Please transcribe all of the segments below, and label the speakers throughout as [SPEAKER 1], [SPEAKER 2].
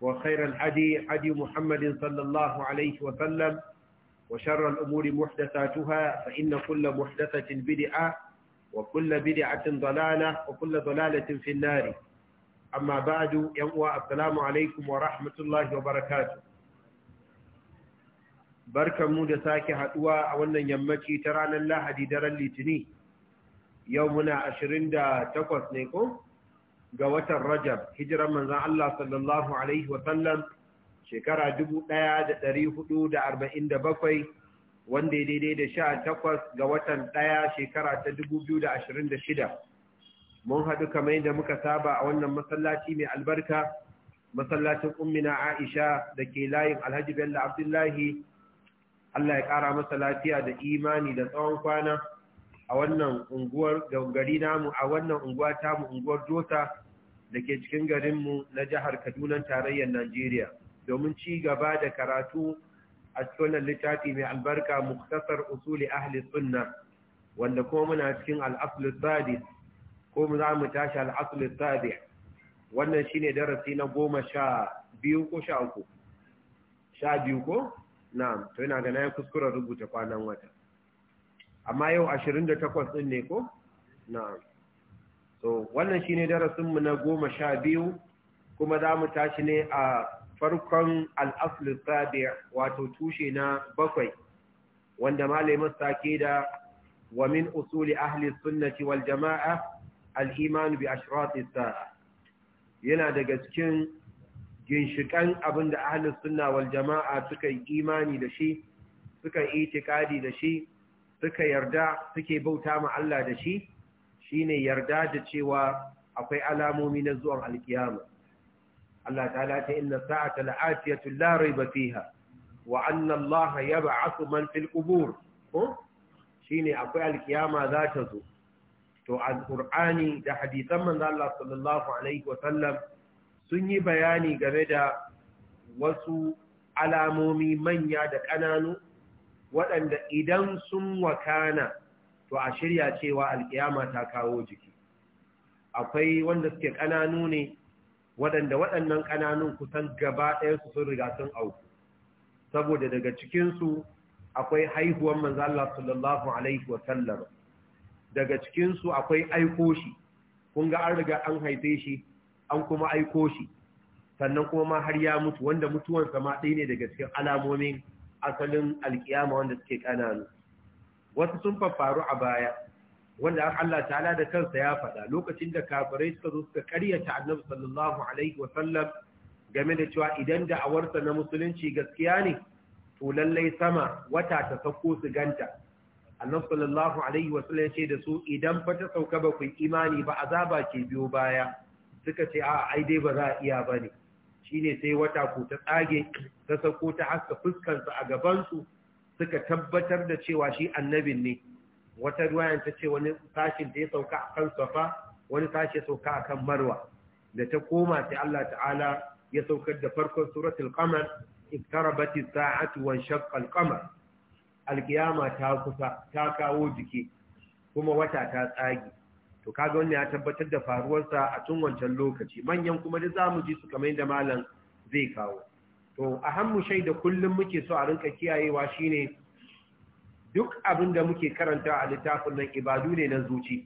[SPEAKER 1] وخير الهدي هدي محمد صلى الله عليه وسلم وشر الأمور محدثاتها فإن كل محدثة بدعة وكل بدعة ضلالة وكل ضلالة في النار أما بعد ينوى السلام عليكم ورحمة الله وبركاته barkan mu da sake haduwa a wannan yammaci ta ranar lahadi daren litini yau muna 28 ne ko ga watan Rajab hijiran manzon Allah sallallahu alaihi wa sallam shekara 1447 wanda ya daidai da sha takwas ga watan ɗaya shekara ta 2026 mun haɗu kamar yadda muka saba a wannan masallaci mai albarka masallacin ummina Aisha da ke layin Alhaji Bello Abdullahi Allah ya ƙara masa lafiya da imani da tsawon kwana a wannan unguwar gari namu a wannan unguwa tamu unguwar Jota da ke cikin garinmu na jihar Kaduna tarayyar Najeriya domin ci gaba da karatu a cikin littafi mai albarka muktasar usuli ahli sunna wanda ko muna cikin al'asul sadis ko mu za mu tashi al'asul sabi wannan shine darasi na goma sha biyu ko sha uku sha biyu ko na'am to ina ga na ya kuskura rubuta kwanan wata amma yau 28 din ne ko na'am so wannan shine darasin mu na goma sha biyu kuma za mu tashi ne a farkon al'aslu sabi wato tushe na bakwai wanda malamin sake da wa min usuli ahli sunnati wal jama'a al-iman bi ashrati sa'a yana daga cikin ginshikan abinda ahli sunna wal jama'a suka yi imani da shi suka yi itikadi da shi suka yarda suke bauta ma Allah da shi shine yarda da cewa akwai alamomi na zuwan alkiyama Allah ta'ala ta inna sa'ata la'atiyatu la rayba fiha wa anna Allah yab'athu man fil qubur ko shine akwai alkiyama za ta zo to alqur'ani da hadisan manzo Allah sallallahu alaihi wa sallam sun yi bayani game da wasu alamomi manya da ƙananu waɗanda idan sun wakana to a shirya cewa alkiyama ta kawo jiki akwai wanda suke ƙananu ne waɗanda waɗannan ƙananun kusan gaba ɗayansu sun riga sun auku saboda daga cikinsu akwai haihuwan manzo Allah sallallahu alaihi wasallam daga cikinsu akwai aiko shi kun ga an riga an haife shi an kuma aiko shi sannan kuma ma har ya mutu wanda mutuwansa ma ɗaya ne daga cikin alamomin asalin alkiyama wanda suke ƙananu wasu sun faru a baya wanda Allah ta'ala da kansa ya faɗa lokacin da kafirai suka zo suka karyata annabi sallallahu alaihi wasallam game da cewa idan da awarsa na musulunci gaskiya ne to lallai sama wata ta sauko su ganta annabi sallallahu alaihi wasallam ya ce da su idan fa ta sauka ba ku imani ba azaba ke biyo baya suka ce a ai dai ba za a iya bane shine sai wata ko ta tsage ta sauko ta haska fuskarsa a gabansu. su suka tabbatar da cewa shi annabin ne wata ruwayan ta ce wani sashin da ya sauka a kan safa wani ya sauka a kan marwa da ta koma sai Allah ta'ala ya saukar da farkon suratul qamar iktarabati sa'atu wa shaqqal qamar alkiyama ta kusa ta kawo jiki kuma wata ta tsagi to kaga wannan ya tabbatar da faruwarsa a tun wancan lokaci manyan kuma da zamu ji su kamar da malam zai kawo to ahammu shaida kullum muke so a rinka kiyayewa shine duk abin da muke karanta a littafin nan ibadu ne na zuci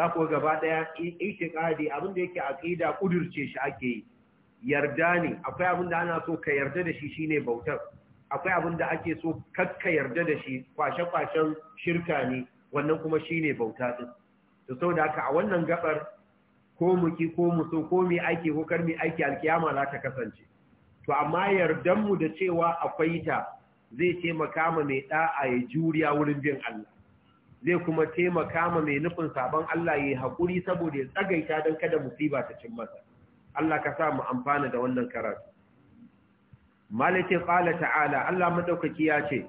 [SPEAKER 1] za ku gaba daya itiqadi abin da yake aqida kudurce shi ake yi yarda ne akwai abin da ana so ka yarda da shi shine bautar akwai abin da ake so kakka yarda da shi kwashe-kwashen shirka ne wannan kuma shine bauta din to saboda haka a wannan gabar ko muki ko muso ko mi aiki ko kar karmi aiki alkiyama za ta kasance to amma mu da cewa akwai ta zai taimaka ma mai da'a ya juriya wurin bin Allah zai kuma taimaka ma mai nufin sabon Allah ya haƙuri saboda ya tsagaita don kada musiba ta cin masa Allah ka sa mu amfana da wannan karatu malike qala ta'ala Allah madaukaki ya ce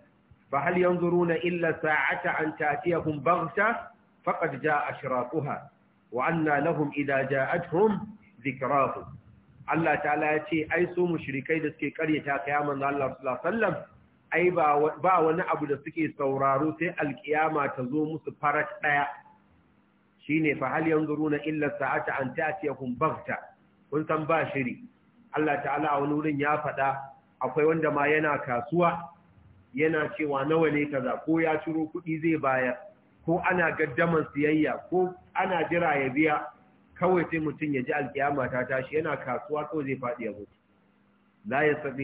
[SPEAKER 1] fa hal yanzuruna illa sa'ata an ta'tiyahum baghta faqad jaa ashraquha wa anna lahum idha ja'atuhum dhikrahum Allah ta'ala ya ce ai so mushrikai da suke karyata kai manzo Allah sallallahu alaihi wasallam ai ba wani abu da suke sauraro sai alkiyama ta zo musu farat daya shine fa hal yanzuruna illa sa'ata an ta'tiyahum baghta kun san ba shiri Allah ta'ala a wani wurin ya faɗa akwai wanda ma yana kasuwa yana cewa nawa ne kaza ko ya ciro kuɗi zai bayar ko ana gaddaman siyayya ko ana jira ya biya kawai sai mutum ya ji alkiyama ta tashi yana kasuwa ko zai faɗi ya mutu la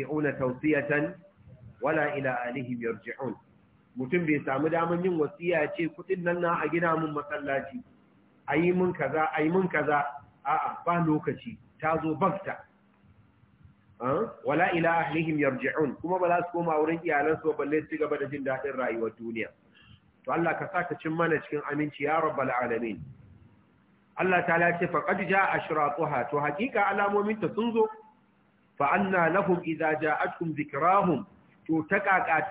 [SPEAKER 1] auna tawsiyatan wala ila alihim yarji'un mutum bai samu daman yin wasiya ya ce kudin nan na a gina mun masallaci ayi mun kaza ayi mun kaza a'a ba lokaci ta zo bakta wala ila ahlihim yarji'un kuma ba za su koma wurin iyalansu ba balle su gaba da jin daɗin rayuwar duniya to Allah ka saka cin mana cikin aminci ya rabbal alamin Allah ta ce faqad a ashratuha to hakika alamomin ta sun zo fa anna lahum idza ja'atkum dhikrahum to ta ƙaƙa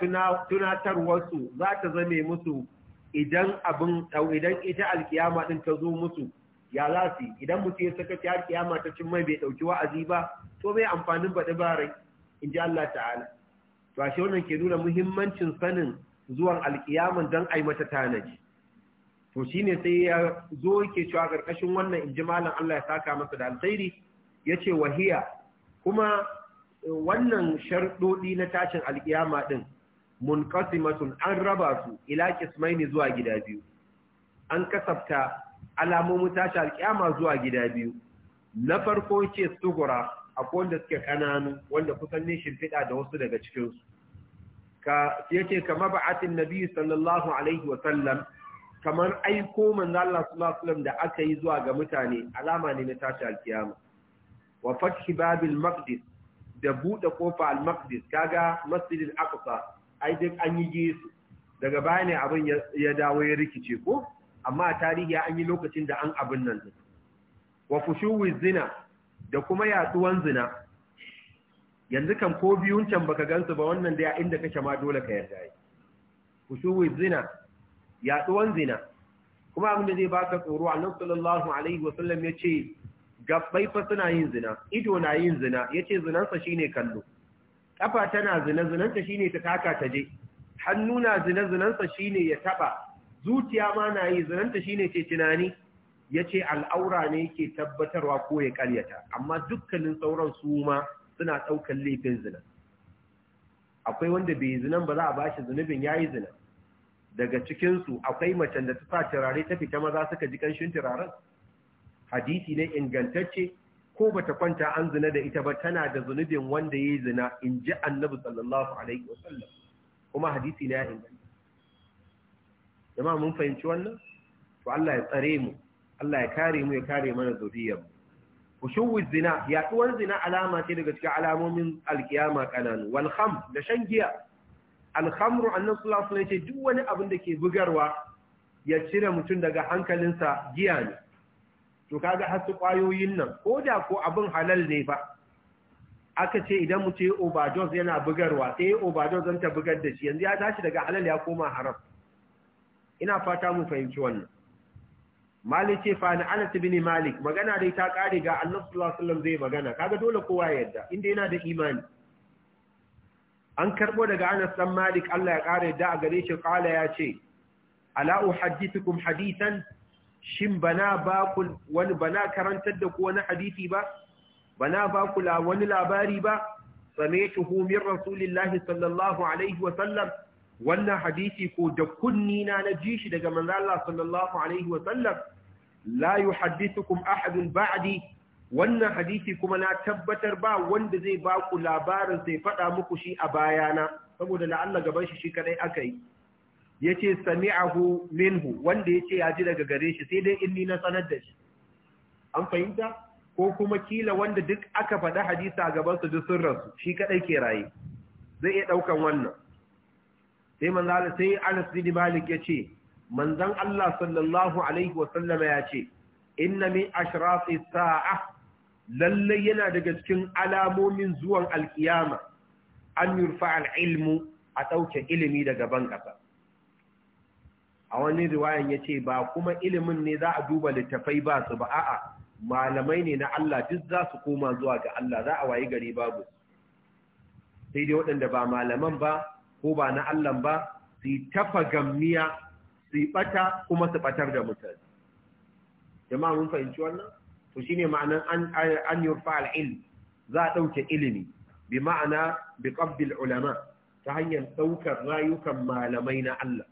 [SPEAKER 1] tunatarwarsu za ta zame musu idan abin idan ita alkiyama ɗin ta zo musu ya za su idan mutum ya saka ta alkiyama ta cin mai bai ɗauki wa'azi ba to mai amfanin baɗi ba rai in ji Allah ta'ala to shi wannan ke nuna muhimmancin sanin zuwan alkiyaman don ai mata tanaji to shi ne sai ya zo yake cewa karkashin wannan injimalin Allah ya saka masa da alkhairi yace wahiya kuma wannan sharɗoɗi na tashin alkiyama din munqasimatun an raba su ila Kismaini zuwa gida biyu an kasafta alamomin tashin alkiyama zuwa gida biyu na farko ce sugura akwai wanda suke kananu wanda kusan ne shimfiɗa da wasu daga cikinsu ka yace kama ba'atin nabi sallallahu alaihi wa sallam kamar aiko manzo Allah sallallahu alaihi wasallam da aka yi zuwa ga mutane alama ne na tashi alkiyama wa fathi babil maqdis da bude kofa al maqdis kaga masjid al aqsa ai duk an yi yesu daga baya ne abin ya dawo ya rikice ko amma a tarihi an yi lokacin da an abin nan din wa fushuwi zina da kuma yatsuwan zina yanzu kan ko biyun can baka gansu ba wannan da inda kake ma dole ka yarda yi fushuwi zina yaduwan zina kuma abin da zai baka tsoro nan sallallahu alaihi ya yace gabbai fa suna yin zina ido na yin zina Ya yace zinansa shine kallo kafa tana zina zinansa shine ta taka ta je hannu na zina zinansa shine ya taba zuciya ma na yi zinanta shine ce tunani Ya ce al'aura ne yake tabbatarwa ko ya karyata amma dukkanin sauran su ma suna ɗaukar laifin zina akwai wanda bai zinan ba za a bashi zunubin yi zina daga cikinsu akwai macen da ta sa turare ta fita maza suka ji kanshin turaren hadisi ne ingantacce ko bata kwanta an zina da ita ba tana da zunubin wanda ya yi zina in ji annabi sallallahu alaihi wasallam kuma hadisi ne ya inganta jama'a mun fahimci wannan to Allah ya tsare mu Allah ya kare mu ya kare mana zuriyar mu kushuwi zina yaduwar zina alama ce daga cikin alamomin alkiyama kananu wal kham da shan giya alhamru annan sulasun ya ce duk wani abin da ke bugarwa ya cire mutum daga hankalinsa giya ne to kaga su kwayoyin nan ko da ko abin halal ne ba aka ce idan mu ce overdose yana bugarwa sai overdose zan ta bugar da shi yanzu ya tashi daga halal ya koma haram ina fata mu fahimci wannan malik ce fa ni anas bin malik magana dai ta kare ga annabi sallallahu alaihi wasallam zai magana kaga dole kowa ya yarda inda yana da imani an karbo daga Anas dan Malik Allah ya kare da a gare shi kala ya ce ala uhaddithukum hadithan shin bana ba ku wani bana karantar da ku wani hadisi ba bana ba ku wani labari ba sami'tuhu min rasulillahi sallallahu alaihi wa sallam wannan hadisi ko da kunni na na ji shi daga manzo Allah sallallahu alaihi wa sallam la yuhaddithukum ahadun ba'di wannan hadisi kuma na tabbatar ba wanda zai ba ku labarin sai faɗa muku shi a bayana saboda Allah gaban shi shi kadai aka yi yace sami'ahu minhu wanda yace ya ji daga gare shi sai dai in ni na sanar da shi an fahimta ko kuma kila wanda duk aka faɗa hadisi a gaban su duk sun rasu shi kadai ke raye zai iya daukan wannan sai manzo Allah sai Anas bin Malik yace manzon Allah sallallahu alaihi wa sallama yace inna min ashrafi sa'ah lallai yana daga cikin alamomin zuwan alkiyama an yurfa al'ilmu a ɗauke ilimi daga ban ƙasa a wani riwayan ya ce ba kuma ilimin ne za a duba littafai ba su ba a'a malamai ne na Allah duk za su koma zuwa ga Allah za a wayi gari babu sai dai waɗanda ba malaman ba ko ba na Allah ba su tafa gammiya su yi ɓata kuma su ɓatar da mutane jama'a mun fahimci wannan to shine ma'anan an an yurfa al-ilm za a dauke ilimi bi ma'ana bi qabdil ulama ta hanyar daukar rayukan malamai na Allah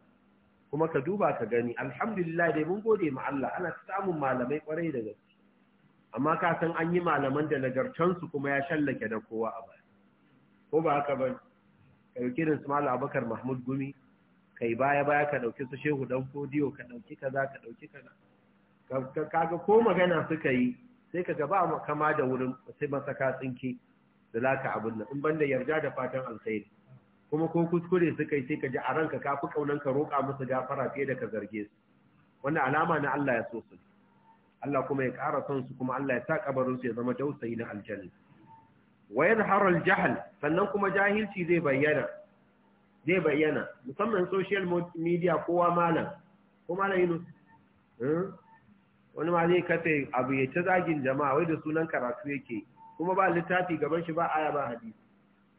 [SPEAKER 1] kuma ka duba ka gani alhamdulillah dai mun gode ma Allah ana samun malamai kwarai da gaske amma ka san an yi malaman da nagartansu kuma ya shallake da kowa a baya ko ba haka ba ka dauki irin su malam Abubakar Mahmud Gumi kai baya baya ka dauki su Shehu Dan Fodiyo ka dauki kaza ka dauki kaza kaga ko magana suka yi sai ka gaba kama da wurin sai ka tsinke da laka abin nan in banda yarda da fatan alkhair kuma ko kuskure suka yi sai ka ji a ranka fi kaunan ka roƙa musu gafara fiye da ka zarge su wannan alama na Allah ya so su Allah kuma ya ƙara son su kuma Allah ya sa kabarin su ya zama dausayi na aljanna wa yadhhar aljahl sannan kuma jahilci zai bayyana zai bayyana musamman social media kowa malam ko malam Yunus eh? wani ma zai kafe abu ya ta zagin jama'a wai da sunan karatu yake kuma ba littafi gaban shi ba aya ba hadisi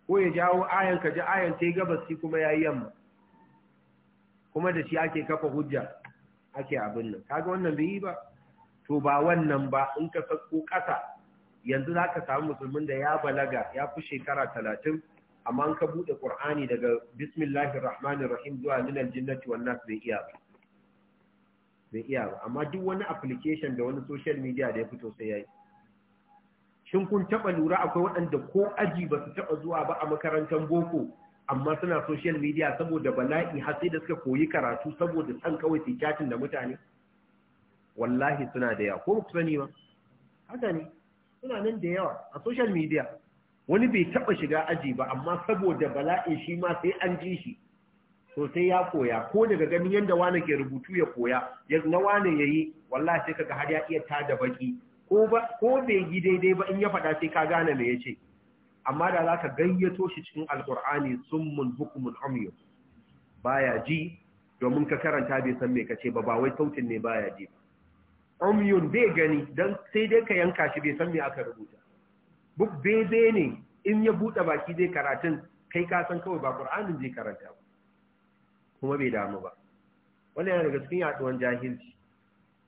[SPEAKER 1] ko ya jawo ayan ka ji ayan ta yi gabas shi kuma yi yamma kuma da shi ake kafa hujja ake abin nan kaga wannan bai yi ba to ba wannan ba in ka sako kasa yanzu za ka samu musulmin da ya balaga ya fi shekara talatin amma an ka buɗe ƙur'ani daga bismillahirrahmanirrahim zuwa minal jinnati wannan bai iya ba bai iya ba amma duk wani application da wani social media da ya fito sai yayi shin kun taba lura akwai waɗanda ko aji ba su taba zuwa ba a makarantar boko amma suna social media saboda bala'i har sai da suka koyi karatu saboda san kawai su chatin da mutane wallahi suna da yawa ko ku sani ba haka ne suna nan da yawa a social media wani bai taba shiga aji ba amma saboda bala'i shi ma sai an ji shi to sai ya koya ko daga ganin yadda wani ke rubutu ya koya ya na wani ya yi wallahi sai kaga har ya iya ta da baki ko bai yi daidai ba in ya faɗa sai ka gane me ya ce amma da za ka gayyato shi cikin alkur'ani summun hukumun Ba baya ji domin ka karanta bai san me kace ba ba wai sautin ne baya ji umyun bai gani dan sai dai ka yanka shi bai san me aka rubuta buk bebe ne in ya buɗe baki zai karatun kai kasan kawai ba qur'anin zai karanta ba kuma bai damu ba wannan yana daga cikin yaduwan jahilci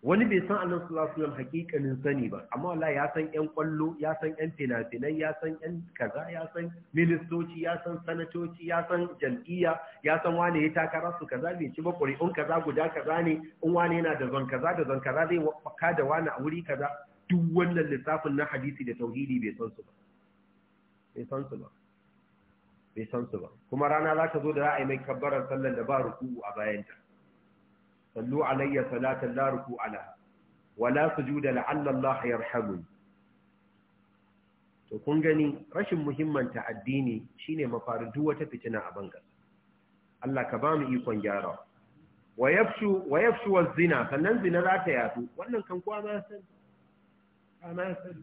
[SPEAKER 1] wani bai san annabi sallallahu alaihi wasallam hakikanin sani ba amma wallahi ya san yan kwallo ya san yan finafinai ya san yan kaza ya san ministoci ya san sanatoci ya san jam'iyya ya san wane ya takara su kaza bai ci ba kuri'un kaza guda kaza ne in wane yana da zon kaza da zon kaza zai faka da wani a wuri kaza duk wannan lissafin na hadisi da tauhidi bai san su ba bai san su ba bai san su ba kuma rana za ta zo da ra'ayi mai kabbarar sallar da ba ruku'u a bayanta sallu alayya salatan la ruku alaha wala sujuda la'alla Allah yarhamuni to kun gani rashin muhimmanta addini shine mafarin duk wata fitina a bangar Allah ka ba mu ikon gyara. wa yafshu wa yafshu zina sannan zina za ta yato wannan kan kuwa ma san ma san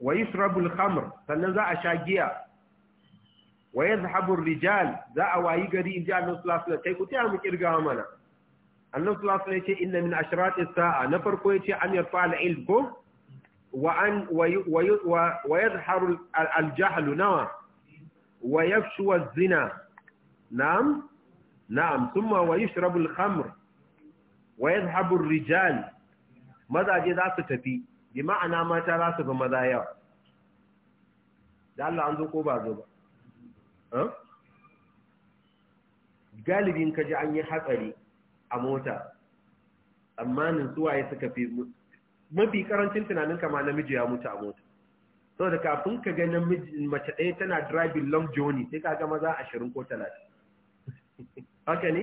[SPEAKER 1] wa yusrabu al-khamr sannan za a sha giya ويذهب الرجال ذا اوايي غري ان جاء الرسول صلى الله عليه وسلم كيرغاما انا الرسول ان من اشراط الساعه نفر كويتي ان يرفع العلم وان ويظهر الجهل نعم ويفشو الزنا نعم نعم ثم ويشرب الخمر ويذهب الرجال ماذا جي ذا ستفي بمعنى ما ترى سبب ماذا يا ده الله عنده قوبا galibin ka ji an yi hatsari a mota amma ya suka fi mafi karancin tunanin kama namiji ya mutu a mota sau da kafin ka ga mace ɗaya tana driving long journey sai ka ga maza ashirin ko talatin haka ne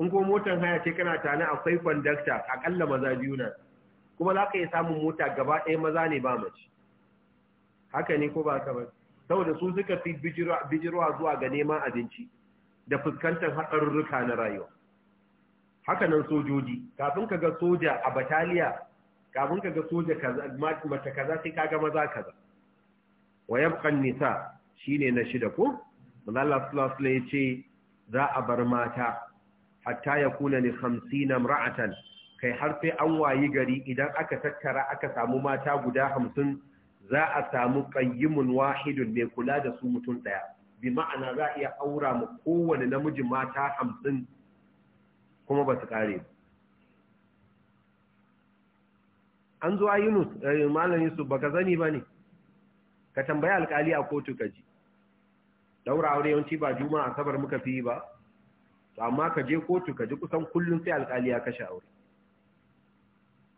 [SPEAKER 1] in ko motar haya ce kana tana akwai kwandakta akalla maza biyu na kuma za ka yi samun mota gaba ɗaya maza ne ba mace haka ne ko ba ka ba saboda su suka fi bijirwa zuwa ga neman abinci da fuskantar ruka na rayuwa hakanan sojoji kafin ka ga soja a bataliya kafin ka ga soja mata kaza sai kaga maza kaza wa yabqan nisa shine na shida ko Allah sallallahu alaihi ce za a bar mata hatta ya yakuna ni 50 ra'atan kai har sai an wayi gari idan aka tattara aka samu mata guda hamsin. za a samu qayyimun wahidun mai kula da su mutum ɗaya, bi ma'ana za a iya aura mu kowane namiji mata hamsin kuma ba su kare ba an zo a yunus eh, malam yusuf baka zani ba ne ka tambaya alkali a kotu ka ji daura aure yawanci ba juma a sabar muka fi ba To amma ka je kotu ka ji kusan kullum sai alkali ya kashe aure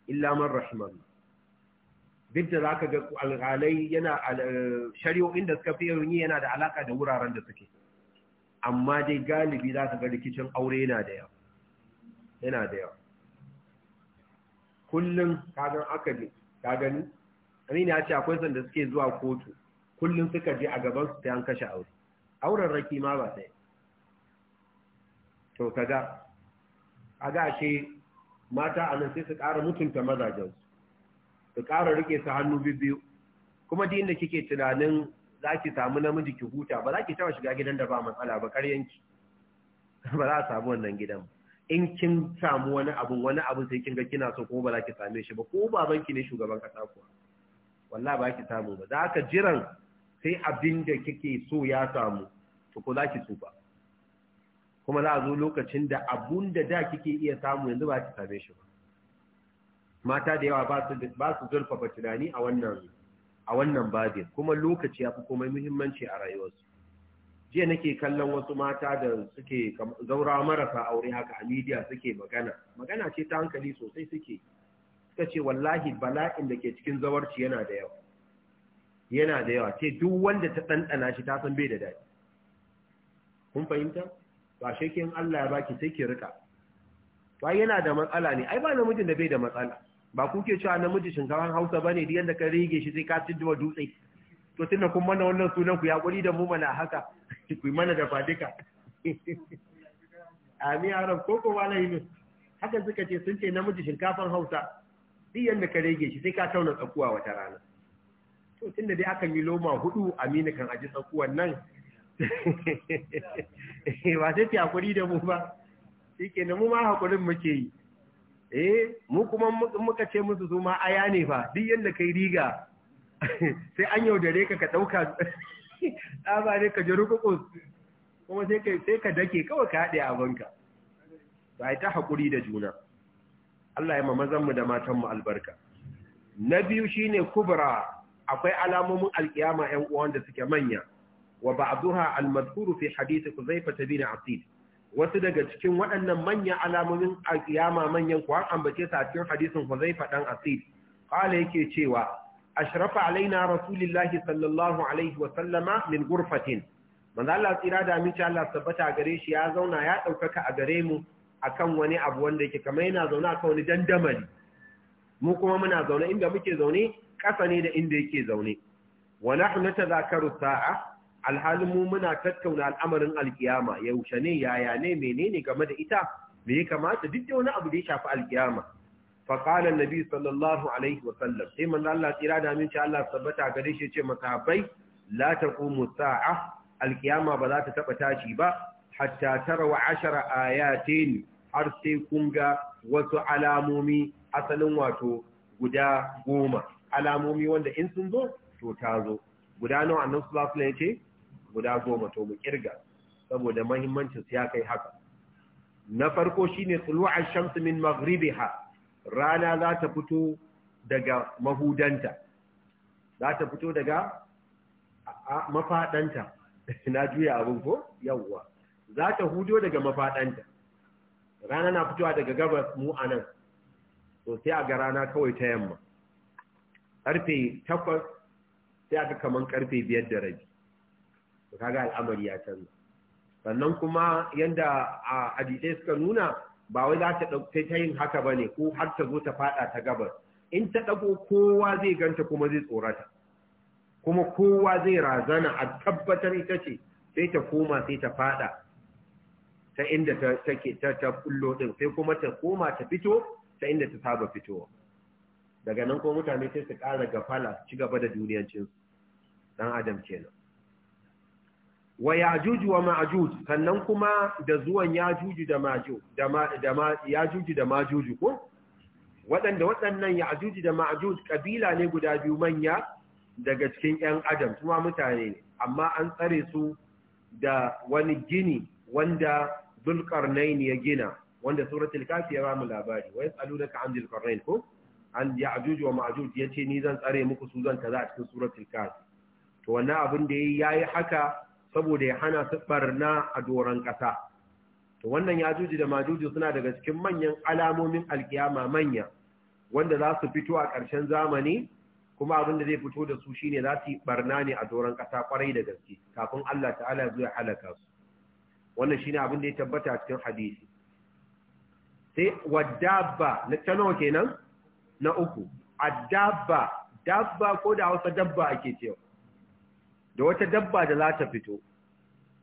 [SPEAKER 1] illa man rahimallah duk da zaka ga alƙalai yana shari'o'in da suka fi yi yana da alaka da wuraren da suke amma dai galibi za ka ga rikicin aure yana da yawa yana da yawa kullum kagan aka ji, ka gani amina ya ce akwai sanda suke zuwa kotu kullum suka je a gaban su an kashe aure auren raki ma ba sai to kaga kaga ce, mata anan sai su ƙara mutunta mazajensu Ka ƙara rike sa hannu biyu kuma din da kike tunanin za ki samu namiji ki huta ba za ki taɓa shiga gidan da ba matsala ba karyanki ba za a samu wannan gidan in kin samu wani abu wani abu sai kin ga kina so kuma ba za ki same shi ba ko babanki ne shugaban kasa kuwa wallahi ba ki samu ba za ka jiran sai abin da kike so ya samu to ko za ki tsufa kuma za a zo lokacin da abun da da kike iya samu yanzu ba ki same shi ba mata da yawa ba su ba tunani a wannan a wannan babin kuma lokaci ya fi komai muhimmanci a rayuwarsu jiya nake kallon wasu mata da suke zaura marasa aure haka a media suke magana magana ce ta hankali sosai suke suka ce wallahi bala'in da ke cikin zawarci yana da yawa yana da yawa ce duk wanda ta ɗanɗana shi ta san bai da daɗi kun fahimta ba shekin Allah ya baki sai ki rika ba yana da matsala ne ai ba namijin da bai da matsala ba kuke cewa namiji shinkawan hausa ba ne da yadda ka rige shi sai ka cijima dutse to tunda kun mana wannan sunan ku ya kuri da mu mana haka ku mana da fadika ami arab ko ko wala yi haka suka ce sun ce namiji shinkafan hausa duk yadda ka rige shi sai ka tauna tsakuwa wata rana to tunda dai aka yi loma hudu amina kan aji tsakuwan nan eh, ba sai ta hakuri da mu ba shi ke mu ma hakurin muke yi eh mu kuma muka ce musu su ma aya ne fa duk yadda kai riga sai an yaudare ka ka ɗauka tsaba ne ka ji rukukus kuma sai ka dake kawai ka haɗe abinka ba ta haƙuri da juna Allah ya ma mu da matanmu albarka na biyu shine kubra akwai alamomin alkiyama ‘yan uwan da suke manya wa ba'duha al fi hadith Kuzaifah bin Asid wasu daga cikin waɗannan manyan alamomin a kiyama manyan kuwa ambace ta cikin hadisin Huzaifa dan Asif qala yake cewa ashrafa alaina rasulullahi sallallahu alaihi wa sallama min ghurfatin manzo Allah tsira da aminci Allah tabbata gare shi ya zauna ya ɗaukaka a gare mu akan wani abu wanda yake kamar yana zaune akan wani dandamali mu kuma muna zaune inda muke zaune ƙasa ne da inda yake zaune wa nahnu tadhakaru sa'a alhalin mu muna tattauna al'amarin alkiyama yaushe ne yaya ne menene game da ita me ya kamata duk da wani abu da ya shafi alkiyama fa qala annabi sallallahu alaihi wa sallam sai manzo Allah tsira da amince Allah tabbata gare shi yace masahabai la taqumu sa'a alkiyama ba za ta taba tashi ba hatta tara wa ashara ayatin har sai kun ga wasu alamomi asalin wato guda goma alamomi wanda in sun zo to ta zo guda nawa annabi sallallahu alaihi wa sallam ce? guda goma to mu kirga saboda mahimmancin ya kai haka na farko shine tulu'a shamsu min maghribiha rana za ta fito daga mahudanta za ta fito daga mafadanta na juya abin ko yawwa za ta hudo daga mafadanta rana na fitowa daga gabas mu anan to sai a ga rana kawai ta yamma karfe 8 sai aka kaman karfe 5 da rabi to kaga al'amari ya canza sannan kuma yanda a hadisai suka nuna ba wai za ta dauke ta yin haka bane ko har ta zo ta fada ta gabas in ta dago kowa zai ganta kuma zai tsorata kuma kowa zai razana a tabbatar ita ce sai ta koma sai ta fada ta inda ta take ta ta kullo din sai kuma ta koma ta fito ta inda ta saba fitowa daga nan ko mutane sai su ƙara gafala ci gaba da duniyancin dan adam kenan wa yajuju wa ma'juj sannan kuma da zuwan yajuju da majuj da ma da ma yajuju da majuju ko waɗanda waɗannan yajuju da majuj kabila ne guda biyu manya daga cikin ƴan adam kuma mutane ne amma an tsare su da wani gini wanda dulqarnain ya gina wanda suratul kafi ya bamu labari wa yasalunaka an dulqarnain ko an yajuj wa majuj yace ni zan tsare muku su zan kaza a cikin suratul kafi to wannan abin da yayi yayi haka saboda ya hana su barna a doron ƙasa to wannan ya juji da majuji suna daga cikin manyan alamomin alkiyama manya wanda za su fito a ƙarshen zamani kuma abin da zai fito da su shine za su yi barna ne a doron ƙasa kwarai da gaske kafin Allah ta'ala zuwa halaka su wannan shine abin da ya tabbata a cikin hadisi sai wadabba na tano kenan na uku a dabba Dabba ko da Hausa dabba ake cewa da wata dabba da za ta fito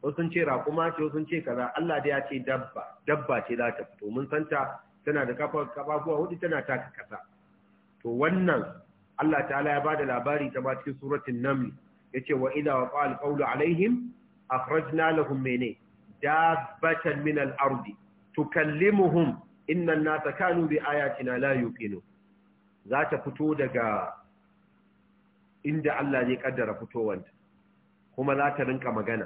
[SPEAKER 1] wasu ce raƙuma ce wasu ce kaza Allah da ya ce dabba dabba ce za ta fito mun santa tana da kafafuwa hudu tana taka kasa to wannan Allah ta'ala ya bada labari ta ba cikin suratul naml yace wa idha wa al-qawlu alaihim akhrajna lahum mene dabbatan min al-ardi tukallimuhum inna an-nasa kanu bi ayatina la yuqinu za ta fito daga inda Allah zai kaddara fitowanta kuma za ta rinka magana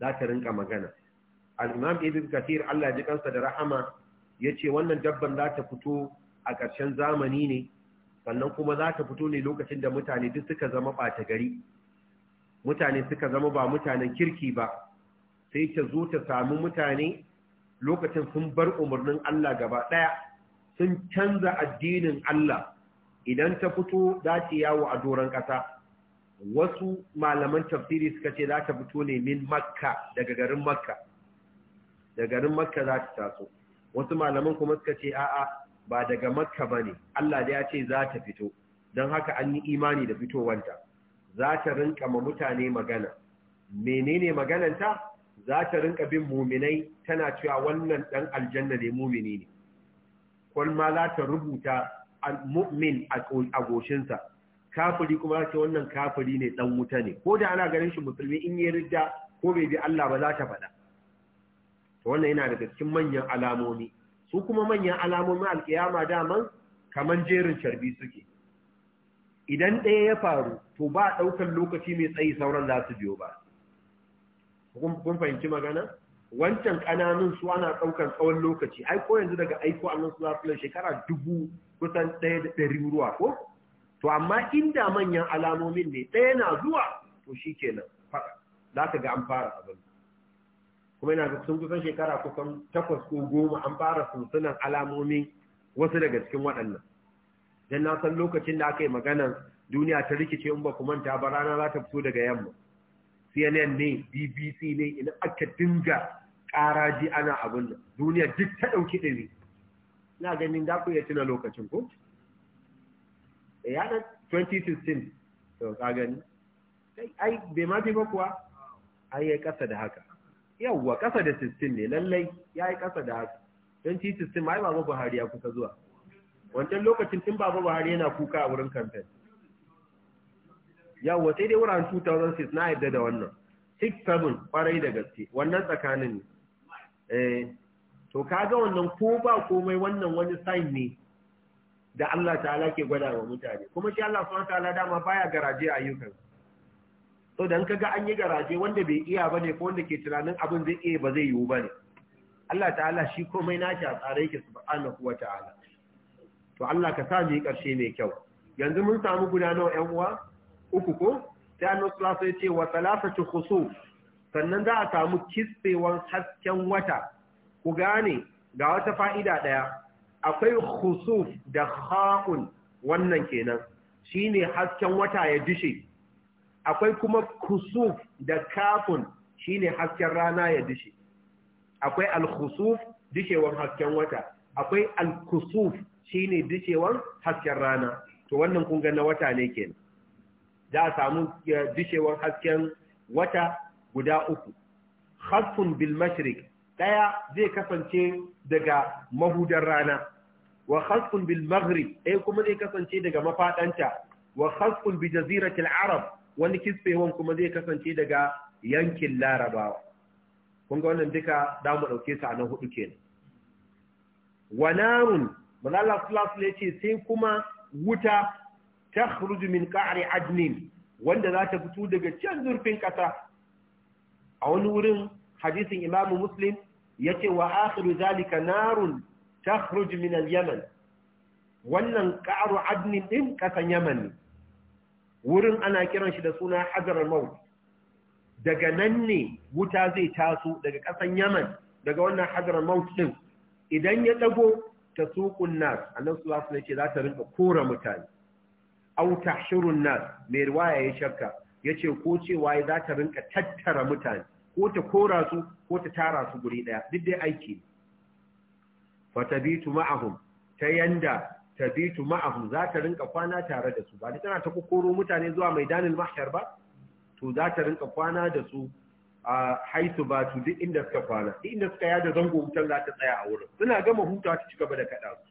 [SPEAKER 1] za ta rinka magana al-imam ibn kathir Allah ji kansa da rahama yace wannan dabban za ta fito a ƙarshen zamani ne sannan kuma za ta fito ne lokacin da mutane duk suka zama ɓata gari mutane suka zama ba mutanen kirki ba sai ta zo ta samu mutane lokacin sun bar umarnin Allah gaba ɗaya sun canza addinin Allah idan ta fito za ta yawo a doron ƙasa wasu malaman tafsiri suka ce za ta fito ne min makka daga garin makka daga garin makka za ta taso wasu malaman kuma suka ce a'a ba daga makka ba ne allah da ya ce za ta fito don haka an yi imani da fitowanta za ta rinka ma mutane magana menene maganarta? za ta rinka bin muminai tana cewa wannan dan aljanna ne mumini ne kwalma za ta rubuta mu'min a goshinsa kafiri kuma ce wannan kafiri ne dan wuta ne ko da ana ganin shi musulmi in yi ridda ko bai bi Allah ba za ta faɗa to wannan yana daga cikin manyan alamomi su kuma manyan alamomin alkiyama daman kaman jerin carbi suke idan ɗaya ya faru to ba ɗaukar lokaci mai tsayi sauran za su biyo ba kun fahimci magana wancan ƙananun su ana ɗaukar tsawon lokaci ai ko yanzu daga aiko annan su za su shekara dubu kusan ɗaya da ɗari ruwa ko to amma inda manyan alamomin ne ɗaya na zuwa to shi kenan faɗa za ka ga an fara abin kuma yana sun kusan shekara kusan takwas ko goma an fara sunsunan alamomin wasu daga cikin waɗannan don na san lokacin da aka yi maganar duniya ta rikice in ba kuma manta ba rana za ta fito daga yamma cnn ne bbc ne ina aka dinga ƙaraji ana abin nan duniya duk ta ɗauki ɗari na ganin da ku iya tuna lokacin ko Eh, ya dan 2016 to ka gani ai bai ma fi ba kuwa ai ya kasa da haka yawwa kasa da 16 ne lallai ya yi kasa da haka 2016 ma ai baba Buhari ya kusa zuwa wancan lokacin tun baba Buhari yana kuka a wurin kamfen yawwa sai dai wuraren 2006 na yadda da wannan 6-7 kwarai da gaske wannan tsakanin ne eh, to kaga wannan ko ba komai wannan wani sign ne da Allah ta'ala ke gwada wa mutane kuma shi Allah subhanahu ta'ala dama baya garaje ayyukan so dan kaga an yi garaje wanda bai iya bane ko wanda ke tunanin abin zai iya ba zai yiwu bane Allah ta'ala shi komai nashi a tsare yake subhanahu wa ta'ala to Allah ka sa mu yi karshe mai kyau yanzu mun samu guda nawa ƴan uwa uku ko sai annabi sallallahu ya ce wa salafatu khusuf sannan za a samu kisbewan hasken wata ku gane ga wata fa'ida ɗaya. akwai khusuf da kha'un wannan kenan shine hasken wata ya dishe akwai kuma khusuf da kafun shine hasken rana ya dishe akwai al-khusuf dushewar hasken wata akwai al-khusuf shine dushewar hasken rana to wannan kun ga na wata ne kenan za a samu dushewar hasken wata guda uku khasfun bil mashriq daya zai kasance daga mahudar rana wa khasqun bil maghrib ɗaya eh kuma zai kasance daga mafadanta wa khasqun bi jaziratil arab wani kisfewan kuma zai kasance daga yankin larabawa kun ga wannan duka da mu dauke su a nan hudu kenan wa narun manalla sallallahu alaihi sai kuma wuta takhruju min qa'ri adnin wanda za ta fito daga can zurfin kasa a wani wurin hadisin imamu muslim yace wa akhiru zalika narun تخرج من اليمن wannan ƙaru adnin ɗin ƙasan yaman ne wurin ana kiran shi da suna hajarar maut daga nan ne wuta zai taso daga ƙasan yaman daga wannan hajarar maut ɗin idan ya ɗago ta suƙun nas annan su ne ce za ta rinka kora mutane au ta shirun nas mai ruwaya ya shakka ya ce ko cewa za ta rinka tattara mutane ko ta kora su ko ta tara su guri ɗaya duk dai aiki ne fatabitu ma'ahum ta yanda tabitu ma'ahum za ta rinka kwana tare da su ba tana ta kokoro mutane zuwa maidanin mahshar ba to za ta rinka kwana da su a haitu ba tu duk inda suka kwana duk inda suka yada zango wutar za ta tsaya a wurin suna gama hutawa ta ci gaba da kaɗa su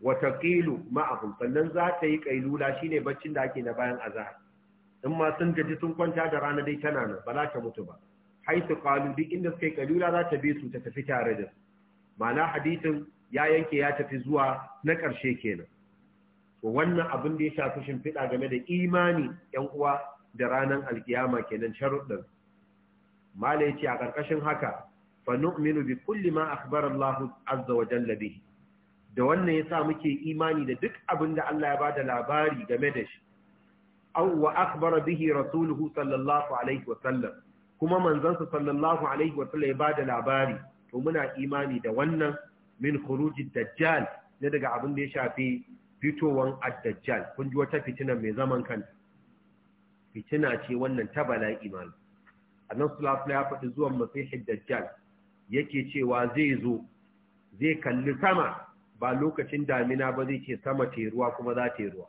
[SPEAKER 1] wata ƙilu ma'ahum sannan za ta yi ƙailula shine baccin da ake na bayan azahar in ma sun gaji sun kwanta da rana dai tana nan ba za ta mutu ba haitu ƙalu duk inda suka yi ƙailula za ta bi su ta tafi tare da su ma'ana hadisin ya yanke ya tafi zuwa na ƙarshe kenan wannan abin da ya shafi shimfiɗa game da imani ‘yan uwa da ranar alkiyama kenan sharuɗin Malam ya ce a ƙarƙashin haka fa nu'minu bi kulli ma akhbara Allah azza wa jalla bihi da wannan yasa muke imani da duk abin da Allah ya da labari game da shi aw wa akhbara bihi rasuluhu sallallahu alaihi wa sallam kuma manzansa sallallahu alaihi wa sallam ya labari to muna imani da wannan min khurujid dajjal ne daga abin da ya shafi fitowan ad-dajjal kun ji wata fitina mai zaman kanta fitina ce wannan ta bala'i mal annabi sallallahu ya faɗi zuwan masihid dajjal yake cewa zai zo zai kalli sama ba lokacin damina ba zai ce sama ce ruwa kuma za ta ruwa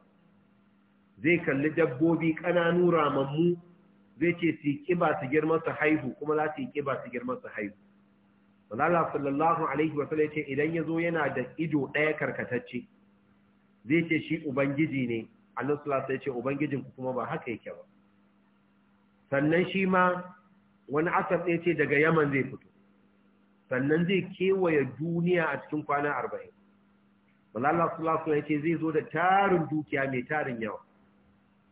[SPEAKER 1] zai kalli dabbobi ƙananu ramammu zai ce su kiba su girma su haihu kuma za su yi kiba su girma su haihu Allah sallallahu alaihi wasallam ya ce, idan ya zo yana da ido ɗaya karkatacce zai ce shi ubangiji ne Allah sallallahu alaihi yace ubangijin ku kuma ba haka yake ba sannan shi ma wani asar ɗaya ce daga Yaman zai fito sannan zai kewaye duniya a cikin kwana arba'in. Allah sallallahu alaihi ce, zai zo da tarin dukiya mai tarin yawa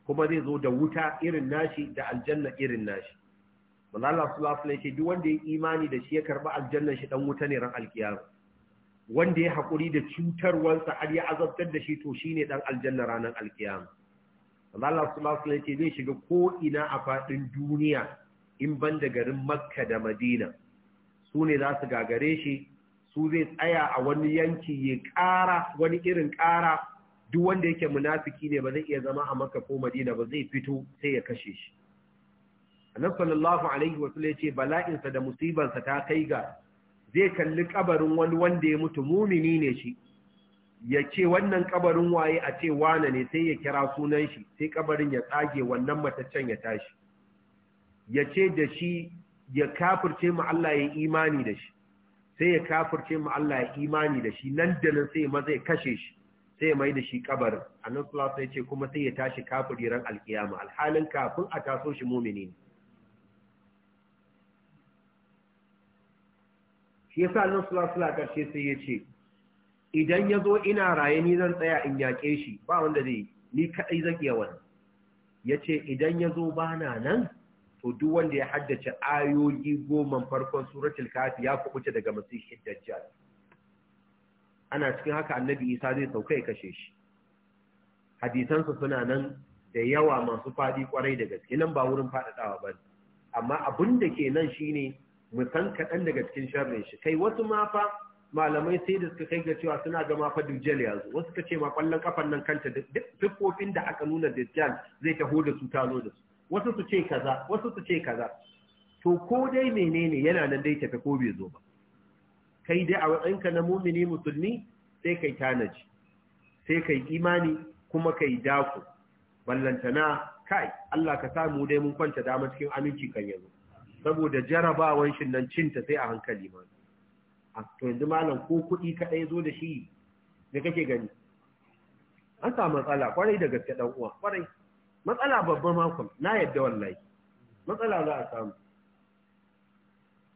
[SPEAKER 1] kuma zai zo da wuta irin nashi da aljanna irin nashi Allah sallallahu ce duk wanda ya imani da shi ya karɓi aljanna shi dan wuta ne ran alkiyama wanda ya hakuri da cutarwansa har ya azabtar da shi to shi ne dan aljanna ranar alkiyama Allah sallallahu ce zai shiga ko'ina a faɗin duniya in ban da garin Makka da Madina su ne za su gagare shi su zai tsaya a wani yanki ya ƙara wani irin ƙara duk wanda yake munafiki ne ba zai iya zama a Makka ko Madina ba zai fito sai ya kashe shi annabi sallallahu alaihi wa sallam yace bala'insa da musibansa ta kai ga zai kalli kabarin wani wanda ya mutu mumini ne shi ya ce wannan kabarin waye a ce wane ne sai ya kira sunan shi sai kabarin ya tsage wannan mataccen ya tashi ya ce da shi ya kafirce mu Allah ya imani da shi sai ya kafirce mu Allah ya imani da shi nan da nan sai maza ya kashe shi sai ya mai da shi kabarin annabi sallallahu alaihi ya ce kuma sai ya tashi kafiri ran alkiyama alhalin kafin a taso shi mumini ne shi yasa nan a karshe sai ya ce idan ya zo ina raye ni zan tsaya in yaƙe shi ba wanda zai ni kaɗai zan iya wani ya ce idan ya zo ba na nan to duk wanda ya haddace ayoyi goma farkon suratul kafi ya kubuta daga masihin dajjal ana cikin haka annabi isa zai sauka ya kashe shi hadisansa suna nan da yawa masu faɗi kwarai da gaske nan ba wurin faɗaɗawa ba amma abin da ke nan shine mu san kaɗan daga cikin sharrin shi kai wasu ma malamai sai da suka kai ga cewa suna ga mafa fa dujjal yanzu? Wasu suka ce ma kwallon kafan nan kanta duk kofin da aka nuna dujjal zai taho da su tano da su wasu su ce kaza wasu su ce kaza to ko dai menene yana nan dai tafi ko bai zo ba kai dai a wadanka na mumini musulmi sai kai tanaji sai kai imani kuma kai dako ballantana kai Allah ka samu dai mun kwanta dama cikin aminci kan yanzu saboda jarabawan shi nan cinta sai a hankali ma to yanzu malam ko kuɗi kaɗai zo da shi da kake gani an samu matsala kwarai da gaske ɗan uwa kwarai matsala babban makon na yadda wallahi matsala za a samu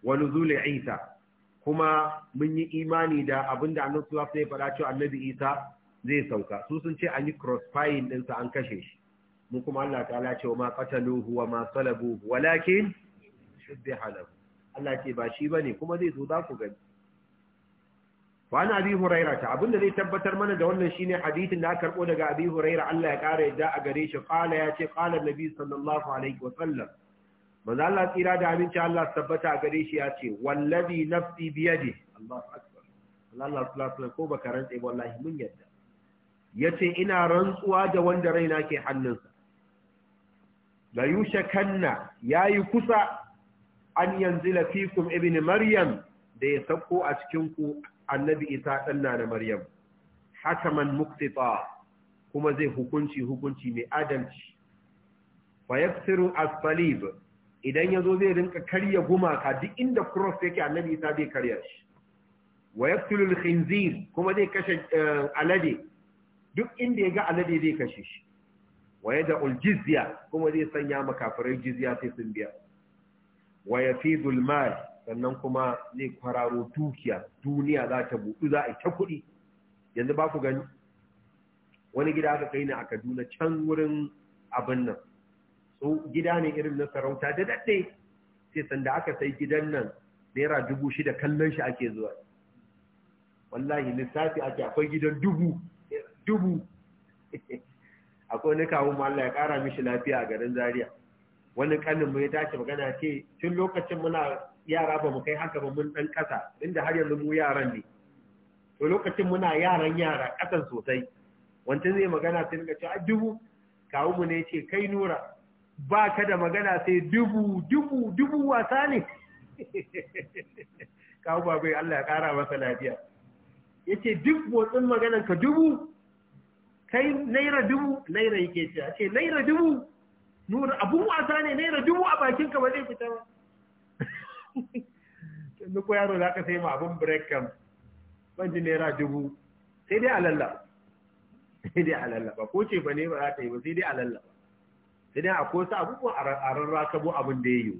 [SPEAKER 1] wani zule isa kuma mun yi imani da abin da annabi sallallahu alaihi faɗa cewa annabi isa zai sauka su sun ce an yi crossfire ɗinsa an kashe shi mu kuma Allah ta'ala ce wa ma qataluhu wa ma salabuhu walakin shubbiha lahu Allah ce ba shi bane kuma zai zo za ku gani wa ana abi huraira ta abinda zai tabbatar mana da wannan shine hadisin da aka karbo daga abi huraira Allah ya kare yadda a gare shi qala ya ce qala nabi sallallahu alaihi wa sallam manzo Allah tsira da aminci Allah tabbata a gare shi ya ce wallazi nafsi bi yadi Allahu akbar Allah sallallahu alaihi ko baka rantsa wallahi mun yadda yace ina rantsuwa da wanda raina ke hannunsa la yushakanna yayi kusa an yanzila fikum ibn maryam da ya sauko a cikin ku annabi isa dan na maryam hakaman muqtita kuma zai hukunci hukunci mai adalci fa yaksiru as-salib idan yazo zai rinka karya gumaka duk inda cross yake annabi isa bai karya shi wa yaktulu al-khinzir kuma zai kashe eh, alade duk inda ya ga alade zai kashe shi wa yada al-jizya kuma zai sanya makafirai jizya sai sun biya wa yafidul mal sannan kuma zai kwararo dukiya duniya za ta buɗu za a ta kuɗi yanzu ba ku gani wani gida aka kai ni a Kaduna can wurin abin nan so gida ne irin na sarauta da daɗe sai sanda aka sai gidan nan naira dubu shida kallon shi ake zuwa wallahi lissafi ake akwai gidan dubu dubu akwai wani kawo Allah ya kara mishi lafiya a garin Zaria wani kanin mu ya dace magana ce tun lokacin muna yara ba mu kai haka ba mun dan kasa inda har yanzu mu yaran ne to lokacin muna yaran yara kasan sosai wancan zai magana sai ga cewa dubu kawo mu ne ce kai nura ba ka da magana sai dubu dubu dubu wasa ne kawo ba bai Allah ya kara masa lafiya yace duk motsin maganar ka dubu kai naira dubu naira yake ce ce naira dubu nura abun wasa ne naira dubu a bakin ka ba zai fita ba yanzu ko yaro zaka sai ma abun break kam ban ji naira dubu sai dai alalla sai dai alalla ba ko ce ba ne ba za ta yi ba sai dai alalla sai dai akwai wasu abubuwan a rarrakabo abin da ya yi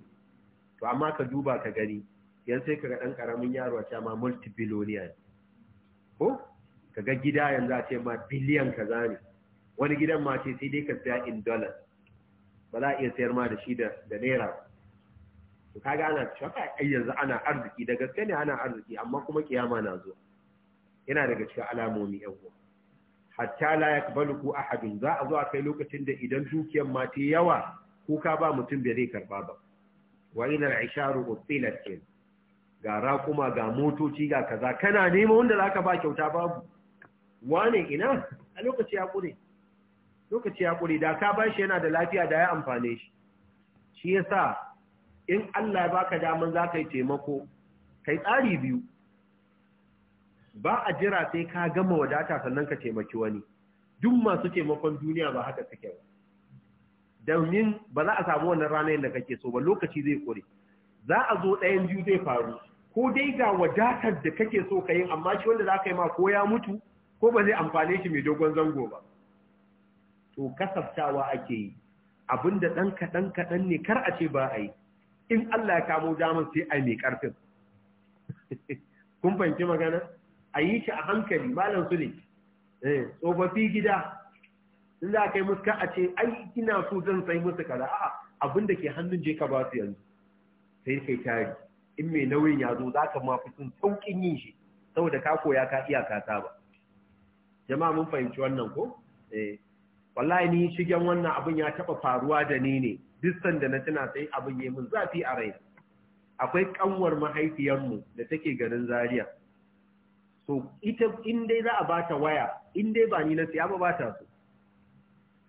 [SPEAKER 1] to amma ka duba ka gani Yanzu sai kaga ɗan ƙaramin yaro a cewa multi-billionaire ko kaga gida yanzu a ce ma biliyan kaza ne wani gidan ma ce sai dai ka siya in dollars ba za a iya sayar ma da shi da naira ba to kaga ana a kai yanzu ana arziki da gaske ne ana arziki amma kuma kiyama na zuwa yana daga cikin alamomi yan uwa hatta la yakbaluku ahadun za a zo a kai lokacin da idan dukiyar ma ta yawa kuka ba mutum bai zai karba ba wa ina isharu utilat kin ga rakuma ga motoci ga kaza kana neman wanda zaka ba kyauta babu wane ina a lokaci ya kure lokaci ya ƙuri, da ka ba shi yana da lafiya da ya amfane shi shi ya sa in Allah ba ka daman za ka yi taimako kai tsari biyu ba a jira sai ka gama wadata sannan ka taimaki wani duk masu taimakon duniya ba haka suke ba domin ba za a samu wannan rana da kake so ba lokaci zai kure za a zo ɗayan biyu zai faru ko dai ga wadatar da kake so ka yi amma shi wanda za ka yi ma ko ya mutu ko ba zai amfane shi mai dogon zango ba to kasaftawa ake yi abinda ɗan kaɗan kaɗan ne kar a ce ba a yi in Allah ya kamo damar sai a mai ƙarfin kun fahimci magana a yi shi a hankali malam su ne eh, tsofaffi gida in za ka yi muska a ce ai ina so zan sai musu kaza a'a abin ke hannun je ka ba su yanzu sai kai tari in mai nauyin ya zo za ka ma fi sun yin shi saboda ka koya ka iyaka ta ba jama'a mun fahimci wannan ko eh wallahi ni shigen wannan abin ya taba faruwa da ni ne duk sanda na tuna sai abin yayi mun zafi a rai akwai kanwar mahaifiyarmu da take garin Zaria so ita in dai za a bata waya in dai ba ni na siya ba bata so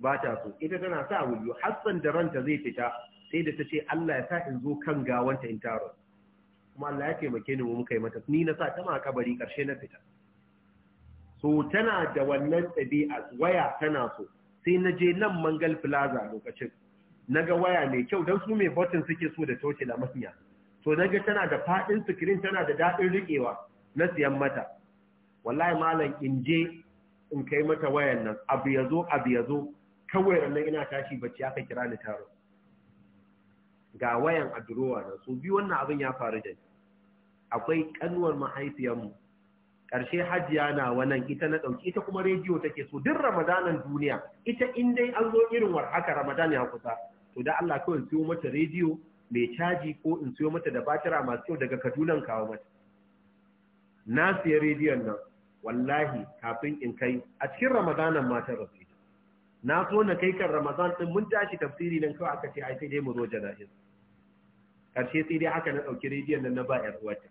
[SPEAKER 1] bata so ita tana sa wuyu Hassan da ranta zai fita sai da tace Allah ya sa in zo kan gawanta in taro kuma Allah ya taimake ni mu muka yi mata ni na sa ta ma kabari karshe na fita so tana da wannan ɗabi'a waya tana so sai na je nan mangal plaza lokacin na ga waya mai kyau don su mai botin suke so da toci da mafiya to na ga tana da faɗin sikirin tana da daɗin riƙewa na siyan mata wallahi malam in je in kai mata wayan nan abu ya zo abu ya zo kawai rannan ina tashi bacci aka kira ni taro ga wayan a durowa na so biyu wannan abin ya faru da ni akwai kanuwar mahaifiyarmu ƙarshe hajjiya na wannan ita na ɗauki ita kuma rediyo take so duk ramadanan duniya ita in dai an zo irin war haka ramadan ya kusa to da Allah kawai in siyo mata rediyo mai caji ko in siyo mata da batira masu kyau daga Kaduna kawo mata na siya rediyon nan wallahi kafin in kai a cikin ramadanan matar rasu na so na kai kan ramadan din mun tashi tafsiri nan kawai aka ce ai sai dai mu zo jana'iz ƙarshe sai dai haka na ɗauki rediyon nan na ba 'yar uwata.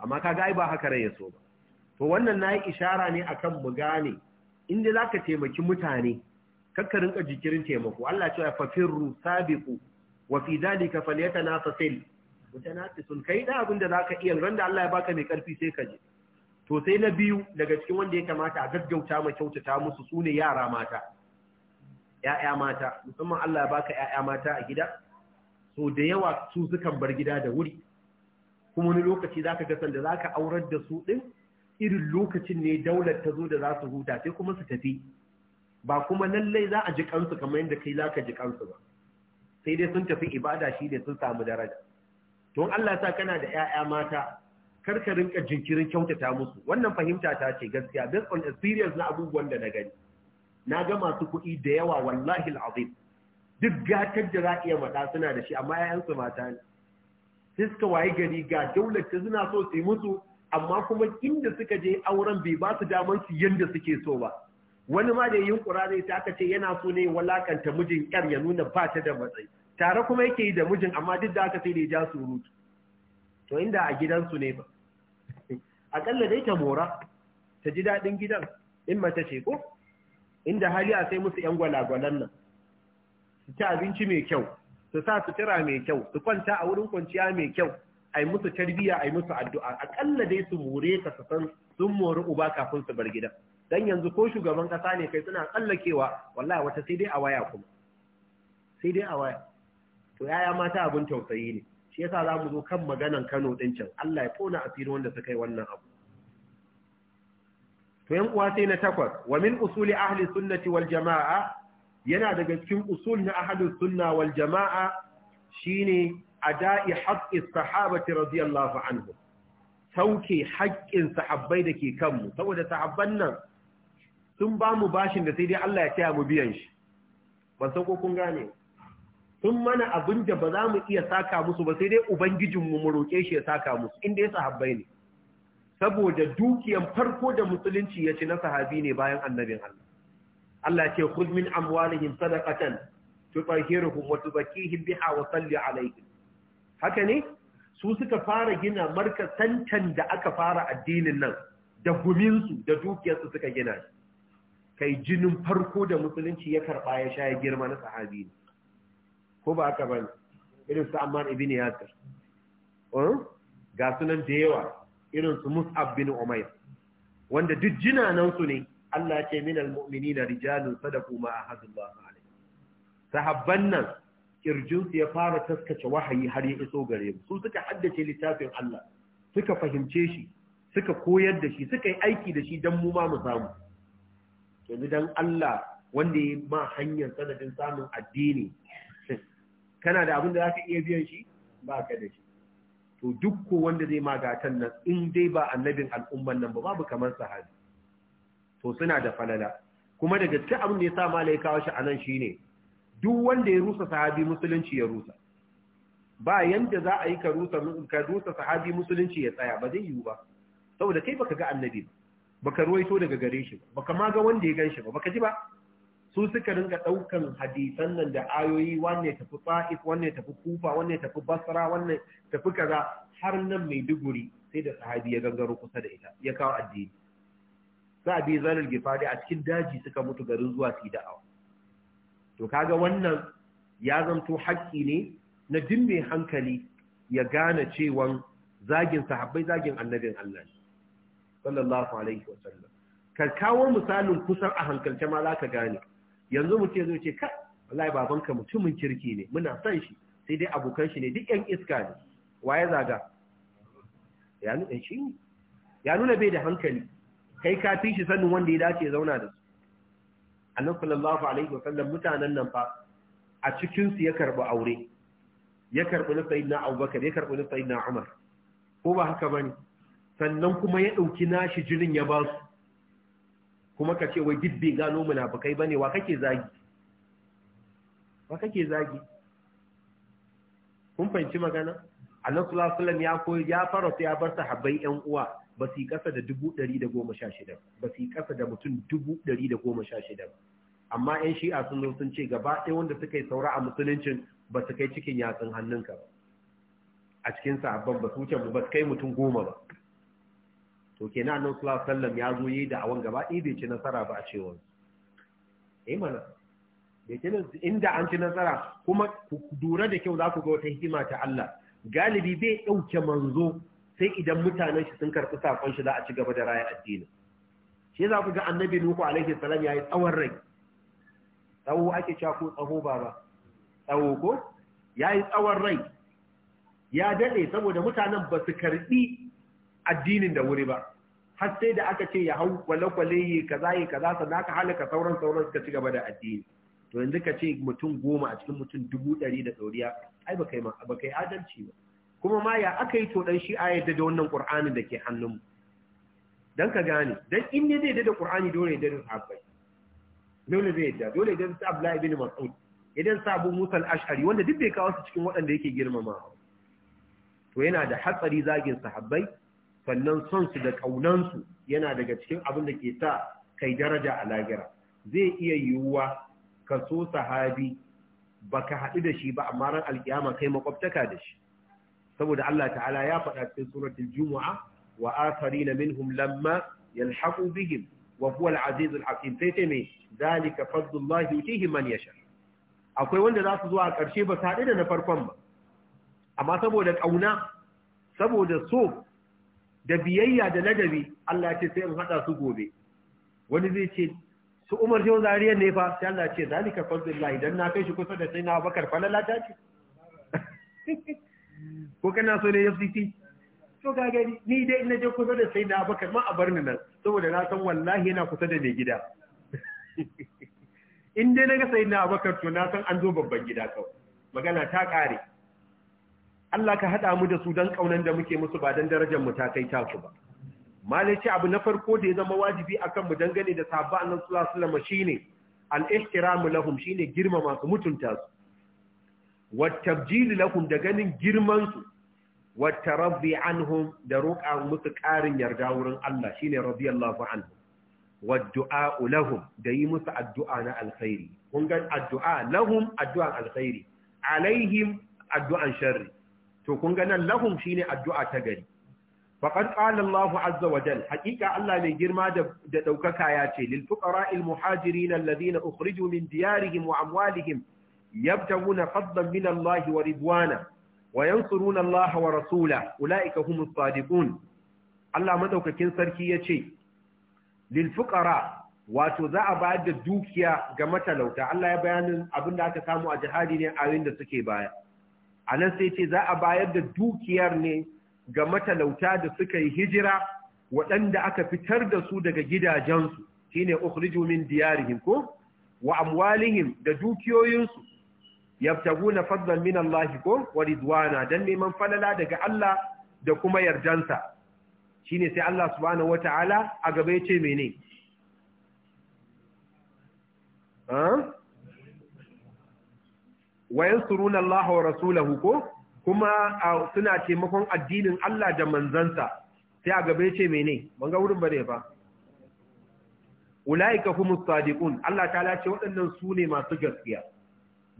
[SPEAKER 1] amma kaga ai ba haka rai ya so ba to wannan na yi ishara ne a kan mu gane inda za ka taimaki mutane kakkarin ka jikirin taimako Allah cewa fafirru sabiku wa fi dalika falyatanafasil sun kai da abin da za ka iya randa Allah ya baka mai karfi sai ka je to sai na biyu daga cikin wanda ya kamata a gaggauta ma kyautata musu su ne yara mata ‘ya'ya mata musamman Allah ya baka ‘ya'ya mata a gida so da yawa su sukan bar gida da wuri kuma wani lokaci za ka ga sanda za ka aurar da su ɗin irin lokacin ne daular ta zo da za su huta sai kuma su tafi ba kuma lallai za a ji kansu kamar yadda kai za ka ji kansu ba sai dai sun tafi ibada shi ne sun samu daraja don Allah sa kana da 'ya'ya mata Kar ka rinka jinkirin kyautata musu wannan fahimta ta ce gaskiya based on experience na abubuwan da na gani na ga masu kuɗi da yawa wallahi al'azim duk gatar da za iya maɗa suna da shi amma 'ya'yansu mata ne Fiska waye gari ga daular ta suna so su yi musu amma kuma inda suka je auren bai ba su daman su yanda suke so ba wani ma da yin kurare ta aka ce yana so ne walakanta mijin yar ya nuna ba ta da matsayi tare kuma yake yi da mijin amma duk da aka sai da ya ja surutu to inda a gidansu ne ba aƙalla dai ta mora ta ji daɗin gidan in mata ce ko inda hali a sai musu 'yan gwalagwalan nan su ci abinci mai kyau su sa sutura mai kyau su kwanta a wurin kwanciya mai kyau ai musu tarbiya ai musu addu'a akalla dai su more ka su san sun mori uba kafin su bar gidan dan yanzu ko shugaban kasa ne kai suna tsallakewa wallahi wata sai dai a waya kuma sai dai a waya to yaya mata abin tausayi ne shi yasa za mu zo kan maganan Kano din can Allah ya kona asiri wanda suka yi wannan abu to yan uwa sai na takwas wa min usuli ahli sunnati wal jamaa yana daga cikin usul na ahli sunna wal jamaa shine ada'i haƙƙin sahabati radiyallahu anhu sauke haƙƙin sahabbai da ke kanmu saboda sahabban nan sun ba mu bashin da sai dai Allah ya taya mu biyan shi ban san ko kun gane sun mana abin da ba za mu iya saka musu ba sai dai ubangijinmu mu roƙe shi ya saka musu inda ya sahabbai ne saboda dukiyan farko da musulunci ya ci na sahabi ne bayan annabin Allah Allah ya ce khudh min amwalihim sadaqatan tutahhiruhum wa tuzakkihim biha wa salli alaihim haka ne su suka fara gina markasantan da aka fara addinin nan da guminsu da dukiyarsu suka gina kai jinin farko da musulunci ya karɓa ya sha ya girma na sahabi ne ko ba aka bane irin su Ammar ibn Yasir eh? ga sunan da yawa irin su Mus'ab bin Umair wanda duk jinanan su ne Allah ce minal mu'minina rijalun sadaqu ma ahadullah sahabban nan kirjinsu ya fara taskace wahayi har ya iso gare mu su suka haddace littafin Allah suka fahimce shi suka koyar da shi suka yi aiki da shi don mu ma mu samu yanzu don Allah wanda ya ma hanyar sanadin samun addini kana da abin da za ka iya biyan shi ba ka da shi to duk ko wanda zai magatan nan in dai ba annabin al'umman nan ba babu kamar sahabi to suna da falala kuma da gaske abin da ya sa malaikawa shi a nan shine duk wanda ya rusa sahabi musulunci ya rusa ba yanda za a yi ka rusa ka rusa sahabi musulunci ya tsaya ba zai yiwu ba saboda kai baka ga annabi ba baka ruwaito daga gare shi ba baka ma ga wanda ya ganshi ba baka ji ba su suka rinka daukan hadisan nan da ayoyi wanne tafi Ta'if wanne tafi Kufa wanne tafi Basra wanne tafi kaza har nan mai duguri sai da sahabi ya gangaro kusa da ita ya kawo addini sahabi zalal gifari a cikin daji suka mutu garin zuwa su da'awa to kaga wannan ya zanto haƙƙi ne na duk mai hankali ya gane cewan zagin sahabbai zagin annabin Allah sallallahu alaihi wasallam ka kawo misalin kusan a hankalce ma za ka gane yanzu mutum zai ce ka, wallahi babanka mutumin kirki ne muna son shi sai dai abokan shi ne duk yan iska ne waye zaga ya nuna shi ya nuna bai da hankali kai ka fi shi sanin wanda ya dace ya zauna da su annabi sallallahu alaihi wa sallam mutanen nan fa a cikin su ya karbi aure ya karbi na sayyidina Abubakar ya karbi na sayyidina Umar ko ba haka bane sannan kuma ya dauki nashi jinin ya ba su kuma ka ce wai dibbe gano munafikai bane wa kake zagi wa kake zagi kun fahimci magana annabi sallallahu alaihi sallam ya koyi ya fara ya bar sahabbai yan uwa ba su yi ƙasa da dubu ɗari da goma sha shida ba su yi ƙasa da mutum dubu ɗari da goma sha shida amma 'yan shi'a sun zo sun ce gaba ɗaya wanda suka yi saura a musuluncin ba su kai cikin yatsun hannunka ba a cikin sa'abban ba su wuce ba su kai mutum goma ba to kenan annabi sallallahu alaihi wasallam ya zo yi da awan gaba ɗaya bai ci nasara ba a cewa eh mana bai ci inda an ci nasara kuma ku dura da kyau za ku ga wata hikima ta Allah galibi bai ɗauke manzo sai idan mutanen shi sun karɓi sakon shi za a ci gaba da raya addini shi za ku ga annabi nuhu alaihi salam yi tsawon rai tsawo ake cewa ko tsaho baba tsawo ko yayi tsawon rai ya daɗe saboda mutanen ba su karɓi addinin da wuri ba har sai da aka ce ya hau kwale-kwale yi kaza yi kaza sannan aka halaka sauran sauran suka ci gaba da addini to yanzu ka ce mutum goma a cikin mutum dubu ɗari da ɗoriya ai ba kai adalci ba kuma ma ya aka yi to dan shi ayyada da wannan Qur'ani da ke hannunmu dan ka gane dan in ne zai da Qur'ani dole ya da sahabbai dole zai yadda dole idan sa Abdullah ibn Mas'ud idan sa Abu Musa al-Ash'ari wanda duk bai kawo su cikin waɗanda yake girmamawa to yana da hatsari zagin sahabbai sannan son su da kaunan su yana daga cikin abin da ke sa kai daraja a lagira zai iya yiwuwa ka so sahabi baka haɗu da shi ba amma ran alkiyama kai makwabtaka da shi saboda Allah ta'ala ya faɗa cikin suratul jumu'a wa asarina minhum lamma yalhaqu bihim wa huwa al-aziz al-hakim sai ce me zalika fadlullahi yutihi man yasha akwai wanda za su zo a ƙarshe ba saɗi da na farkon ba amma saboda ƙauna saboda so da biyayya da ladabi Allah ce sai in haɗa su gobe wani zai ce su umar shi Zariya ne fa sai Allah ce zalika fadlullahi dan na kai shi kusa da sai na bakar falala ta ce ko kana so ne FCT to ga gari ni dai ina je kusa da sai da Abubakar ma a bar ni nan saboda na san wallahi yana kusa da mai gida in dai na ga sai da abakar to na san an zo babban gida kawai magana ta kare Allah ka haɗa mu da su dan kaunan da muke musu ba dan darajar mu ta kai ta su ba malice abu na farko da ya zama wajibi akan mu dangane da sahabba annabi sallallahu alaihi wasallam shine al-ihtiramu lahum shine girmama su mutunta su wattabjili lahum da ganin girmansu wata rabbi anhum da roƙa musu ƙarin yarda wurin Allah shine radiyallahu anhu waddu'a lahum da yi musu addu'a na alkhairi kun ga addu'a lahum addu'an alkhairi alaihim addu'an sharri to kun ga nan lahum shine addu'a ta gari faqad qala Allahu azza wa haqiqa Allah mai girma da daukaka ya ce lil fuqara'il muhajirin alladhina ukhriju min diyarihim wa amwalihim يبتغون فضلا من wa ورضوانا وينصرون الله rasula أولئك humus الصادقون Allah مدوك sarki كي يتشي للفقراء wato za a bayar da dukiya ga matalauta Allah ya bayanin abin da aka samu a jihadi ne a da suke baya a nan sai ce za a bayar da dukiyar ne ga matalauta da suka yi hijira waɗanda aka fitar da su daga gidajensu shine ukhriju min diyarihim ko wa amwalihim da dukiyoyinsu yabtaguna fadlan min Allah ko wa ridwana dan neman falala daga Allah da kuma yardansa shine sai Allah subhanahu wataala a gaba yace mene ha wa yansuruna Allah wa rasulahu ko kuma suna taimakon addinin Allah da manzansa sai a gaba yace mene ban ga wurin bare ba ulaika humus sadiqun Allah ta ce waɗannan su ne masu gaskiya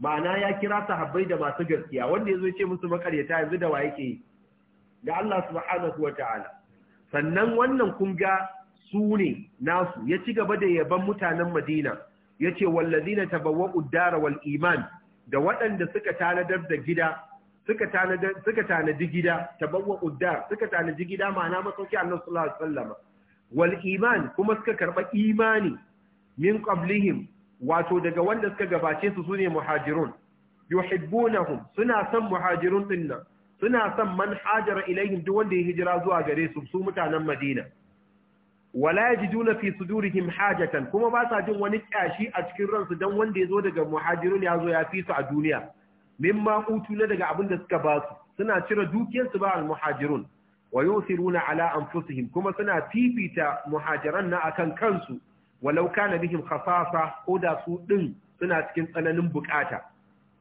[SPEAKER 1] ma'ana ya kira sahabbai da masu gaskiya wanda ya yazo ce musu makaryata yanzu da wa yake da Allah subhanahu ta'ala. sannan wannan kun ga su ne nasu ya ci gaba da yaban mutanen Madina ce wallazina tabawwa'u dara wal iman da waɗanda suka tanadar da gida suka tanadar suka tanadi gida tabawwa'u dar suka tanadi gida ma'ana masauki Allah sallallahu alaihi wasallam wal iman kuma suka karba imani min qablihim wato daga wanda suka gabace su sune muhajirun yuhibbunahum suna son muhajirun dinna. suna son man hajara duk wanda ya hijira zuwa gare su su mutanen Madina wala yajiduna fi sudurihim hajatan kuma ba sa jin wani kyashi a cikin ransu dan wanda yazo daga muhajirun ya zo ya fi su a duniya mimma utu na daga abin da suka ba su suna cire dukiyarsu ba al muhajirun wa yusiruna ala anfusihim kuma suna fifita muhajiran na akan kansu walau kana bihim khasasa ko da su din suna cikin tsananin bukata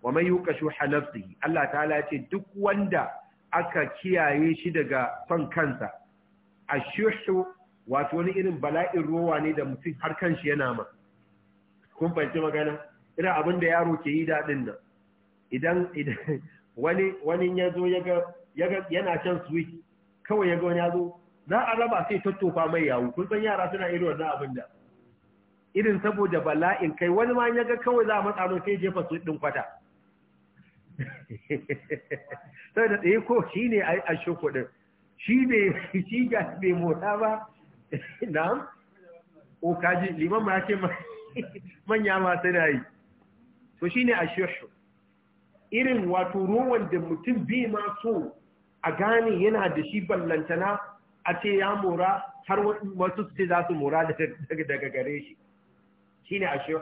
[SPEAKER 1] wa man yuqashu nafsihi Allah ta'ala ya ce duk wanda aka kiyaye shi daga son kansa ashushu wato wani irin bala'in rowa ne da mutum har kanshi yana ma kun fahimci magana irin abin da yaro ke yi daɗin nan idan wani wani ya zo yana shan sweet kawai ya ga wani ya zo za a raba sai tattofa mai yawo kun san yara suna irin wannan abin da irin saboda bala'in kai wani ma ya ga kawai za a matsa mai sai jefa su ɗin kwata sai da ɗaya ko shi ne a yi ashe kuɗin shi ne shi ga bai mota ba na o kaji liman ma ce manya ma suna yi to shi ne ashe irin wato ruwan da mutum bi ma so a gane yana da shi ballantana a ce ya mora har wasu su ce za su mora daga gare shi shine shehu?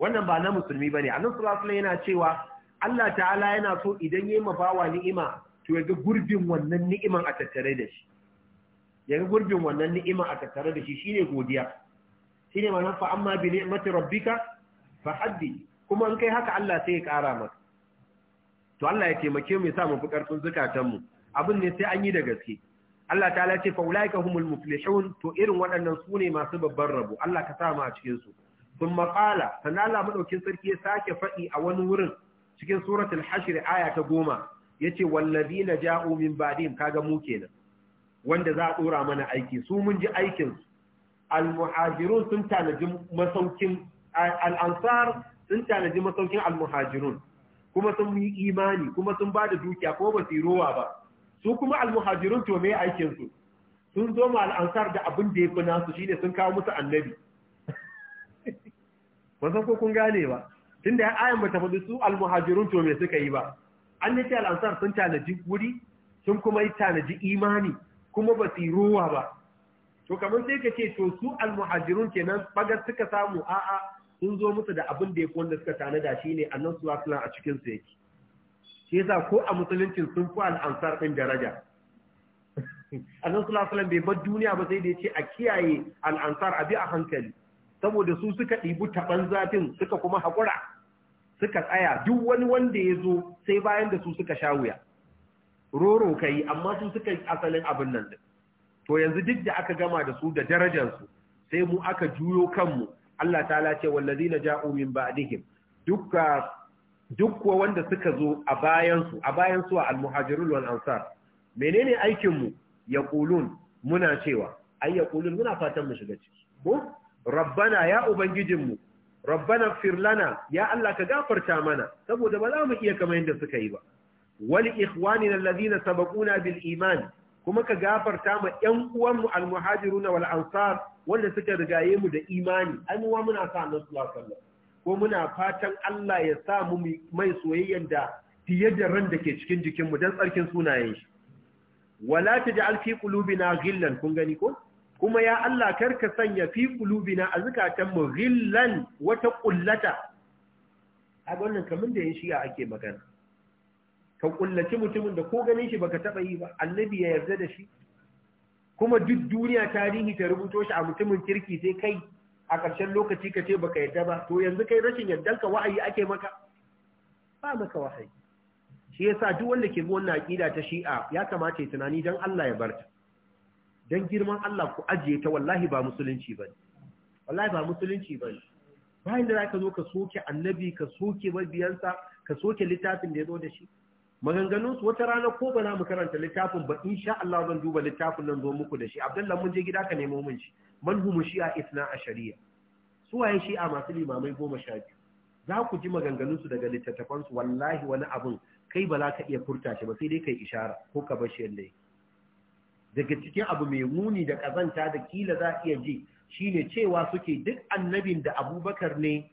[SPEAKER 1] wannan ba na musulmi bane annabi sallallahu alaihi yana cewa Allah ta'ala yana so idan yayi bawa ni'ima to yaga gurbin wannan ni'iman a tattare da shi yaga gurbin wannan ni'iman a tattare da shi shine godiya shine ma'anar fa amma bi ni'mati rabbika fa haddi kuma in kai haka Allah sai ya kara maka to Allah ya taimake mu ya sa mu fi karfin zakatan mu abin ne sai an yi da gaske Allah ta'ala ce fa ulaika humul muflihun to irin waɗannan su ne masu babban rabo Allah ka sa mu a cikin su sun maƙala sannan Allah maɗaukin sarki ya sake faɗi a wani wurin cikin suratul hashir aya ta goma ya ce wallazi na ja'u min badim kaga mu kenan wanda za a ɗora mana aiki su mun ji aikinsu almuhajirun sun tanaji masaukin al'ansar sun tanaji masaukin almuhajirun kuma sun yi imani kuma sun ba da dukiya ko ba su yi rowa ba su kuma almuhajirun to me aikinsu sun zo ma al'ansar da abin da ya fi nasu shine sun kawo musu annabi ba san ko kun gane ba tunda ya ayan ta faɗi su almuhajirun to me suka yi ba an yace al'ansar sun tanaji wuri sun kuma yi tanaji imani kuma ba su ruwa ba to kamar sai ka ce to su almuhajirun kenan bagar suka samu a'a sun zo musu da abin da ya wanda suka tanada ne annan sallallahu alaihi a cikin su yake shi yasa ko a musuluncin sun fi al'ansar ɗin daraja bai bar duniya ba sai da ya ce a kiyaye al'ansar a bi a hankali saboda su suka ɗibi taɓan zafin suka kuma haƙura suka tsaya duk wani wanda ya zo sai bayan da su suka sha wuya roro ka yi amma su suka yi asalin abin nan da. to yanzu duk da aka gama da su da darajarsu sai mu aka juyo kanmu Allah ta ce na ja'u min ba'dihim dukka duk kuwa wanda suka zo a bayansu a bayansu a almuhajirul wal ansar menene aikinmu ya kulun muna cewa ai muna fatan mu shiga ciki rabbana ya ubangijinmu rabbana firlana ya Allah ka gafarta mana saboda ba za mu iya kamar yadda suka yi ba wal ikhwanina alladhina sabaquna bil iman kuma ka gafarta ma ƴan uwanmu almuhajiruna wal ansar wanda suka rigaye mu da imani an wa muna sa annabi sallallahu alaihi wasallam ko muna fatan Allah ya sa mu mai soyayyen da fiye da ran da ke cikin jikinmu don tsarkin sunayen shi wala taj'al fi qulubina ghillan kun gani ko kuma ya Allah karka sanya fi kulubina a zukatanmu ghillan wata kullata a wannan kamun da yin shiga ake magana ka kullaci mutumin da ko ganin shi baka taba yi ba annabi ya yarda da shi kuma duk duniya tarihi ta rubuto shi a mutumin kirki sai kai a ƙarshen lokaci ka ce baka yarda ba to yanzu kai rashin yardanka wa'ayi ake maka ba maka wa'ayi. shi yasa duk wanda ke bi wannan aqida ta shi'a ya kamata ya tunani dan Allah ya barta don girman Allah ku ajiye ta wallahi ba musulunci ba wallahi ba musulunci ba bayan da zaka zo ka soke annabi ka soke mabiyansa ka soke littafin da ya zo da shi maganganun su wata rana ko ba za mu karanta littafin ba insha Allah zan duba littafin nan zo muku da shi Abdullahi mun je gida ka nemo mun shi manhumu shi'a isna a shari'a su waye shi'a masu limamai goma sha biyu za ku ji maganganun su daga littattafan su wallahi wani abun kai ba za ka iya furta shi ba sai dai kai ishara ko ka bar shi yadda daga cikin abu mai muni da ƙazanta da kila za iya ji shine cewa suke duk annabin da abubakar ne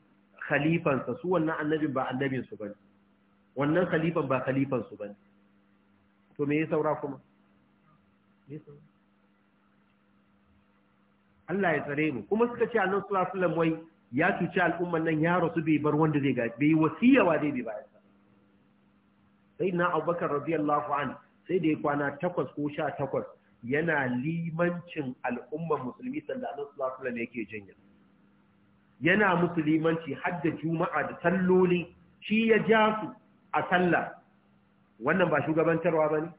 [SPEAKER 1] khalifansa su wannan annabin ba annabinsu ba ne wannan khalifan ba khalifansu ba ne to me ya saura kuma Allah ya tsare mu kuma suka ce annan sulasulan wai ya cuci al'umman nan ya rasu bai bar wanda zai gaji bai wa zai bai bayan sai na abubakar radiyallahu an sai da ya kwana takwas ko sha takwas yana limancin al'ummar musulmi sanda sallallahu alaihi yake janya yana musulmanci har da juma'a da salloli shi ya ja su a sallah wannan ba shugabantarwa bane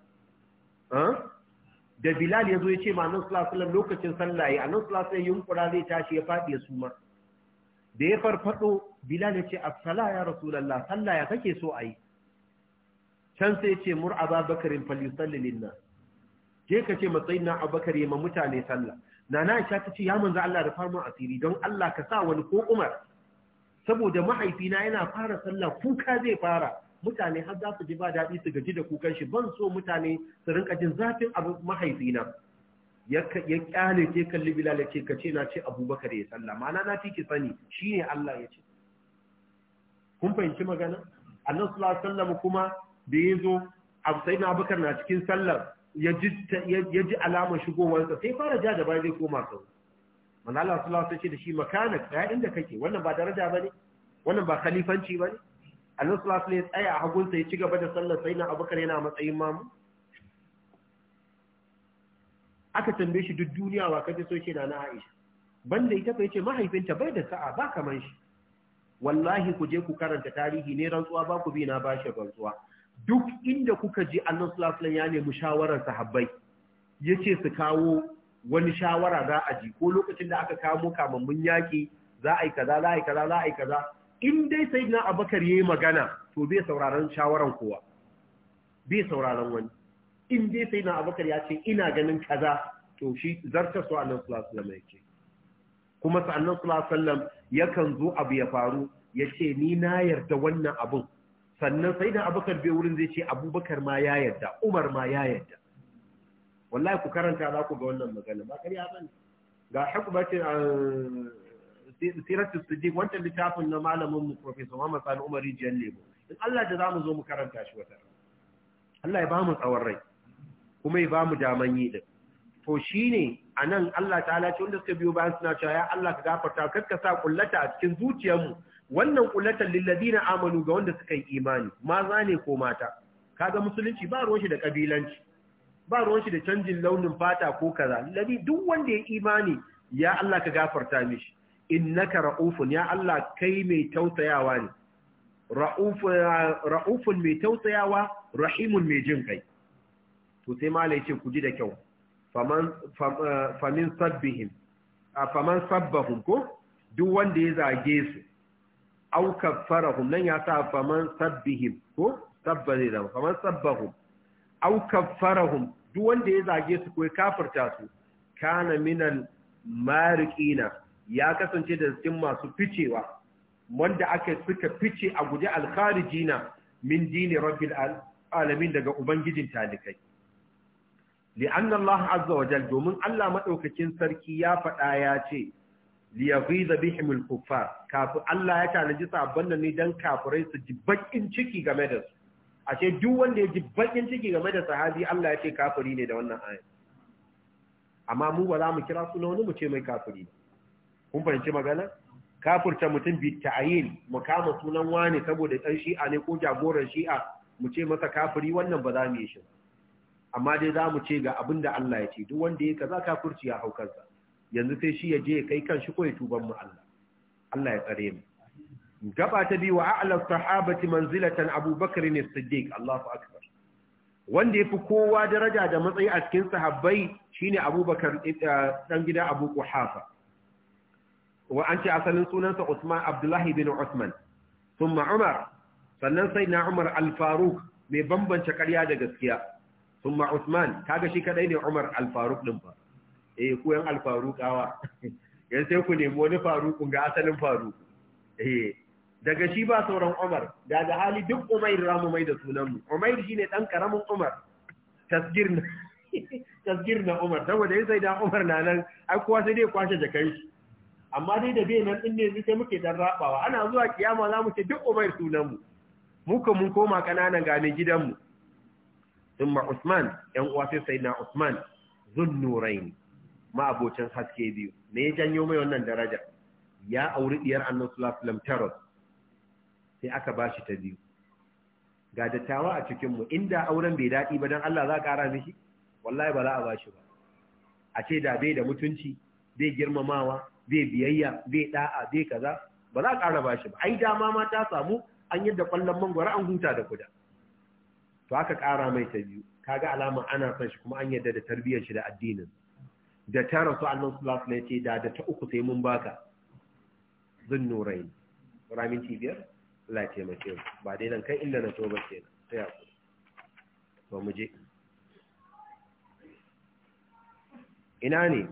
[SPEAKER 1] da bilal ya zo ya ce ma annabi sallallahu alaihi lokacin sallah ya annabi sallallahu alaihi yunkura zai tashi ya faɗi ya suma da ya farfaɗo bilal ya ce as-sala ya rasulullah sallah ya kake so ayi can sai ya ce muraba ababakarin falyusalli lin je ka ce matsayin na abakar ya ma mutane sallah nana aisha ta ce ya manzo Allah da farman asiri don Allah ka sa wani ko Umar saboda mahaifina yana fara sallah kuka zai fara mutane har za su ji ba daɗi su gaji da kukan shi ban so mutane su rinka jin zafin abu mahaifina ya kyale ke kalli bilal ya ce ka ce na ce abubakar ya sallah ma'ana na fi ki sani shi ne Allah ya ce kun fahimci magana annan sallallahu alaihi kuma da ya zo abu sai na abubakar na cikin sallar ya ji alamar sa sai fara ja da bayan zai koma sau manala su sallallahu ce da shi makana ya inda kake wannan ba daraja ba ne? wannan ba khalifanci ne Allah sallallahu alaihi ya tsaya a hagunsa ya ci gaba da sallar sai na abokan yana matsayin mamu aka tambaye shi duk duniya wa kaji so ce da na Aisha banda ita fa yace mahaifinta bai da sa'a ba kamar shi wallahi ku je ku karanta tarihi ne rantsuwa ba ku bi na bashi rantsuwa duk inda kuka ji annan sulasulan ya nemi shawarar sahabbai ya ce su kawo wani shawara za a ji ko lokacin da aka kamo kamammin yaƙi za a yi kaza za a yi kaza za a yi kaza in dai sai na abakar ya yi magana to bai sauraron shawaran kowa bai sauraron wani in dai sai na abakar ya ce ina ganin kaza to shi zarta su annan sulasulan ya ce kuma sa'annan sulasulan yakan zo abu ya faru ya ce ni na yarda wannan abun sannan sai da abubakar bai wurin zai ce abubakar ma ya yarda umar ma ya yarda wallahi ku karanta za ku ga wannan magana ba kariya ba ga hukumatin eh, siratu siddiq wancan littafin na malamin mu professor Muhammad Sani Umar Rijiyar Lebo in Allah da za mu zo mu karanta shi wata Allah ya ba mu tsawon rai kuma ya ba mu daman yi din to a anan Allah ta ce wanda suka biyo bayan suna cewa ya Allah ka gafarta kar sa kullata a cikin zuciyarmu wannan kullatan lilladina amanu ga wanda suka yi imani maza ne ko mata kaga musulunci ba ruwan shi da kabilanci ba ruwan shi da canjin launin fata ko kaza ladi duk wanda ya imani ya Allah ka gafarta mishi innaka raufun ya Allah kai mai tausayawa ne ra'ufun mai tausayawa rahimun mai jin kai to sai mala yace ku ji da kyau faman eh, sabbihim faman sabbahum ko duk wanda ya zage su au kaffarahum nan ya sa faman sabbihim ko sabba zai zama faman sabbahum au kaffarahum duk wanda ya zage su ko ya kafirta su kana minal mariqina ya kasance da cikin masu ficewa wanda aka suka fice a guje alkharijina min dini rabbil alamin daga ubangijin talikai li'anna Allah azza wa domin Allah madaukakin sarki ya faɗa ya ce liyaghiza bihim al-kuffar kafu Allah ya tanaji sabon nan ne dan kafirai su ji bakin ciki game da su ashe duk wanda ya ji bakin ciki game da sahabi Allah ya ce kafiri ne da wannan ayat amma mu ba za mu kira suna wani mu ce mai kafiri kun fahimci magana kafirta mutum bi ta'ayin mu kama sunan wani saboda dan shi'a ne ko jagoran shi'a mu ce masa kafiri wannan ba za mu yi shi amma dai za mu ce ga abin da Allah ya ce duk wanda ya kaza kafirci ya hau kansa yanzu sai shi ya je ya kai kanshi ko ya tuban mu Allah Allah ya tsare mu gaba ta bi wa a'la sahabati manzilatan Abu ne Siddiq Allahu akbar wanda yafi kowa daraja da matsayi a cikin sahabbai shine Abubakar eh, dan gida Abu Quhafa wa an ce asalin sunansa Usman Abdullahi bin Usman thumma Umar sannan sai na Umar al-Faruq mai bambance ƙarya da gaskiya thumma Usman kaga shi kadai ne Umar al-Faruq din ba eh ku yan alfarukawa yan sai ku nemi wani faruku ga asalin faruku eh daga shi ba sauran Umar daga hali duk Umair ramu mai da sunan mu Umair shine dan karamin Umar tasgir na tasgir na Umar saboda sai da Umar na nan ai kowa sai dai kwashe jakan shi amma dai da bai nan din ne sai muke dan rabawa ana zuwa kiyama za mu ce duk Umair sunan mu mu ka mun koma kananan gane gidan mu thumma Usman yan uwa sai Usman zun ma'abocin haske biyu me ya janyo mai wannan daraja ya auri diyar annabi sallallahu alaihi wasallam tarot sai aka bashi ta biyu ga dattawa a cikin mu inda auren bai daɗi ba dan Allah za ka ƙara mishi wallahi ba za a ba shi ba a ce da bai da mutunci bai girmamawa bai biyayya bai da'a bai kaza ba za a ƙara shi ba ai dama ma ta samu an yadda ƙwallon mangwara an huta da kuda to aka ƙara mai ta biyu kaga alama ana son shi kuma an yadda da tarbiyyar shi da addinin da ta rasu annan sulas na ce da da ta uku sai mun baka zun nurai ramin cibiyar Allah ce mace ba dai nan kai inda na so ba na ta ya ku to mu je ina ne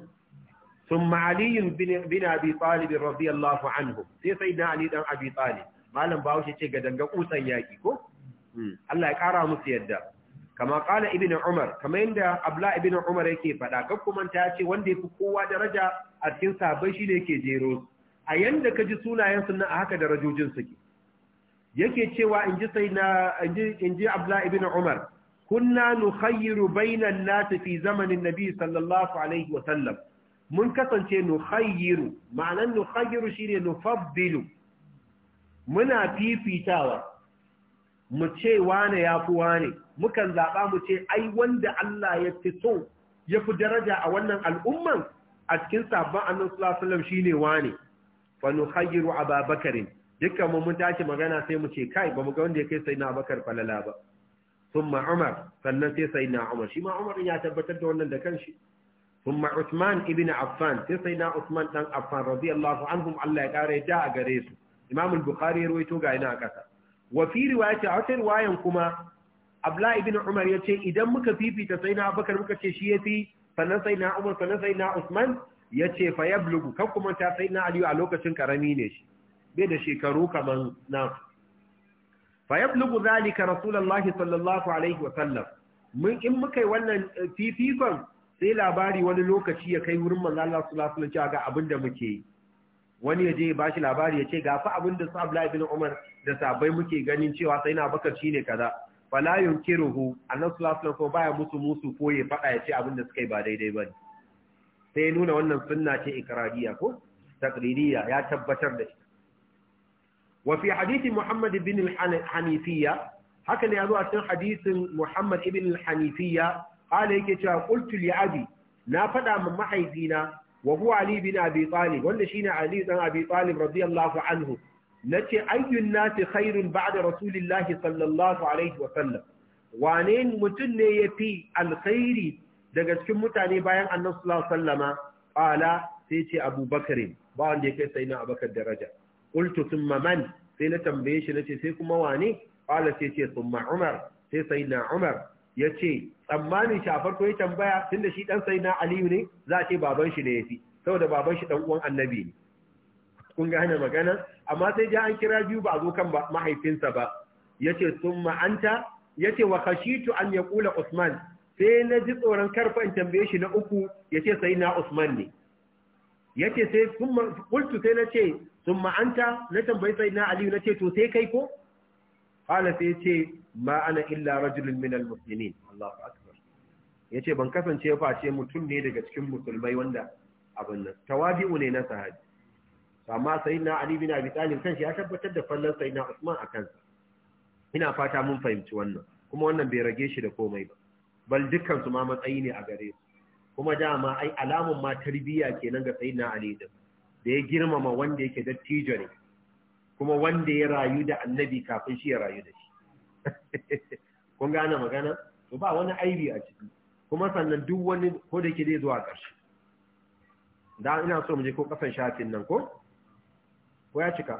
[SPEAKER 1] sun ma'aliyin bin abi طالب رضي الله عنه sai na ali dan abi talib malam bawo ce ga danga kusan yaki ko hmm. Allah ya kara musu yadda kama kala ibn umar kama yadda abla ibn umar yake faɗa kan kuma ta ce wanda yafi kowa daraja a cikin sahabbai shine yake jero a yanda ka ji sunayen sunna a haka darajojin suke yake cewa inji sai na inji abla ibn umar kunna Nuhayyiru baina nas fi zamanin nabi sallallahu alaihi wa sallam mun kasance nukhayyiru ma'anan nukhayyiru shine nufaddilu muna fifitawa mu ce wane yafi wane mukan zaɓa mu ce ai wanda Allah ya fito ya fi daraja a wannan al'umman a cikin sabon annan sulasulam shi ne wane fanu hayyiru a babakarin dukkan mu mun tashi magana sai mu ce kai ba mu ga wanda ya kai sai na bakar falala ba sun umar sannan sai sai na umar shi ma umar ya tabbatar da wannan da kanshi sun usman ibn affan sai sai na usman dan affan radiyallahu anhum allah ya kara ya a gare su imam bukhari ya rawaito ga ina a ƙasa. wa fi riwayati a wata riwayan kuma abla ibn umar ya ce idan muka fifita sai na abakar muka ce shi ya fi sannan sai na umar sannan sai na usman ya ce fa ya blugu kan kuma ta sai na aliyu a lokacin karami ne shi bai da shekaru kamar na fa ya blugu zalika rasulullahi sallallahu alaihi wa sallam mun in muka yi wannan eh, fifikon sai labari wani lokaci ya kai wurin manzo Allah sallallahu alaihi wa ga abin da muke yi wani ya je ya bashi labari ya ce ga fa abin da su Abdullahi Umar da sabai muke ganin cewa sai na bakar shine kaza fala yunkiruhu annabi sallallahu alaihi wasallam baya musu musu ko ya faɗa ya ce abin da suka yi ba daidai bane sai ya nuna wannan sunna ce ikrariya ko taqririya ya tabbatar da ita wa fi hadisi Muhammad ibn al-Hanifiyya haka ne yazo a cikin hadisin Muhammad ibn al-Hanifiyya ala yake cewa qultu li abi na faɗa min mahaifina wa huwa Ali bin Abi Talib wanda shine Ali dan Abi Talib radiyallahu anhu nace ayyun nasi khairun ba'da rasulillahi sallallahu alaihi wa sallam wane mutum ne ya fi alkhairi daga cikin mutane bayan annabi sallallahu alaihi wasallama qala sai ce abubakar ba wanda ya kai sayyidina abubakar daraja qultu thumma man sai na tambaye shi nace sai kuma wane qala sai ce thumma umar sai sayyidina umar yace tsammani shi a farko ya tambaya tunda shi dan sayyidina aliyu ne za a ce baban shi ne fi. saboda baban shi dan uwan annabi ne kun gane magana amma sai ja an kira biyu ba a zo kan mahaifinsa ba Ya ce sun ma'anta. Ya ce wa kashitu an ya kula usman sai na ji tsoron karfa in tambaye shi na uku Ya ce sai na usman ne Ya ce sai summa kultu sai na ce sun ma'anta. na tambaye sai na aliyu na ce to sai kai ko qala sai ce ma ana illa rajulun min almuslimin Allahu akbar ce ban kasance face mutum ne daga cikin musulmai wanda abin nan tawabi'u ne na sahabi amma sayyidina ali bin abi talib kanshi ya tabbatar da fallan sayyidina usman a kansa ina fata mun fahimci wannan kuma wannan bai rage shi da komai ba bal dukkan su ma matsayi ne a gare su kuma dama ai alamun ma tarbiya kenan ga sayyidina ali din da ya girmama wanda yake dattijo ne kuma wanda ya rayu da annabi kafin shi ya rayu da shi kun gane magana to ba wani aibi a ciki kuma sannan duk wani ko da yake zai zuwa ƙarshe da ina so mu je ko kasan shafin nan ko ko ya cika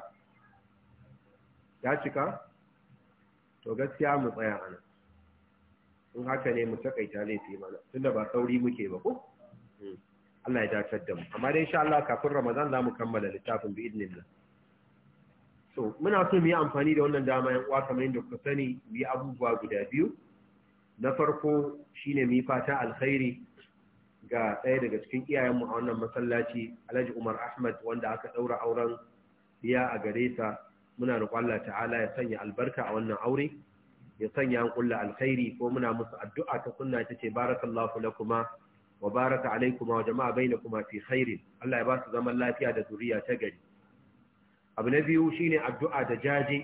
[SPEAKER 1] ya cika to gaskiya mu tsaya ana, in haka ne mu takaita laifi mana tunda ba sauri muke ba ko hmm. Allah ya dacar da mu amma dai insha Allah kafin Ramadan za mu kammala littafin bi idnillah so muna so mu yi amfani da wannan dama yan uwa kamar yadda kuka sani mu abubuwa guda biyu na farko shine mu yi fata alkhairi ga ɗaya daga cikin iyayenmu a wannan masallaci Alhaji Umar Ahmad wanda aka ɗaura auren biya a gare ta muna roƙon Allah ta'ala ya sanya albarka a wannan aure ya sanya an kulla alkhairi ko muna musu addu'a ta sunna ta ce barakallahu lakuma wa baraka alaikuma wa jama'a bainakum fi khairin Allah ya ba su zaman lafiya da zuriya ta gari abu na biyu shine addu'a da jaje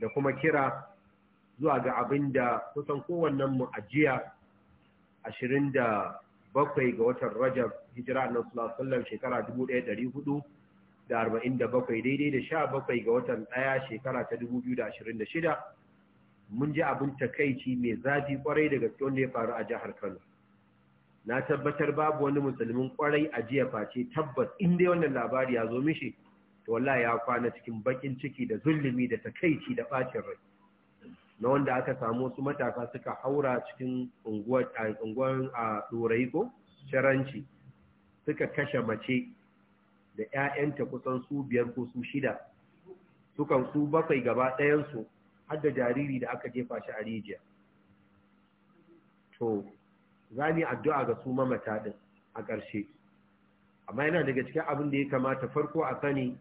[SPEAKER 1] da kuma kira zuwa ga abinda kusan kowannen mu ajiya 27 ga watan Rajab hijira annabi sallallahu alaihi wasallam shekara 1400 da arba'in da bakwai daidai da sha bakwai ga watan ɗaya shekara ta dubu biyu da ashirin da shida mun ji abin takaici mai zafi kwarai daga gaske da ya faru a jihar Kano. Na tabbatar babu wani musulmin kwarai a jiya face tabbas in dai wannan labari ya zo mishi to wallahi ya kwana cikin bakin ciki da zulumi da takaici da bacin rai. Na wanda aka samu wasu matasa suka haura cikin unguwar a ɗorayi ko sharanci suka kashe mace da ‘ya'yanta kusan su biyar ko su shida sukan su bakwai gaba ɗayansu har da jariri da aka jefa shi a rijiya to za ni addu'a ga su mamata din a ƙarshe amma yana daga cikin abin da ya kamata farko a sani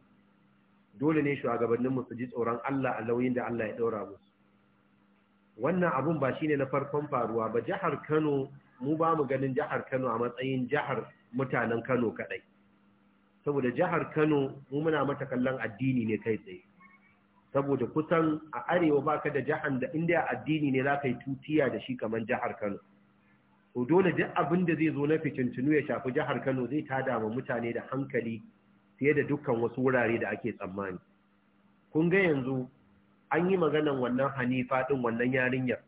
[SPEAKER 1] dole ne shugabanninmu su ji tsoron Allah a lauyin da Allah ya ɗora musu wannan abun ba shine na farkon faruwa ba jihar Kano mu ba mu ganin jihar Kano a matsayin jihar mutanen Kano kaɗai saboda jihar Kano mu muna mata kallon addini ne kai tsaye saboda kusan a arewa baka da jihar da indiya addini ne zaka yi tutiya da shi kamar jihar Kano to dole duk abin da zai zo na fitintunu ya shafi jihar Kano zai tada ma mutane da hankali fiye da dukkan wasu wurare da ake tsammani kun ga yanzu an yi maganan wannan Hanifa din wannan yarinyar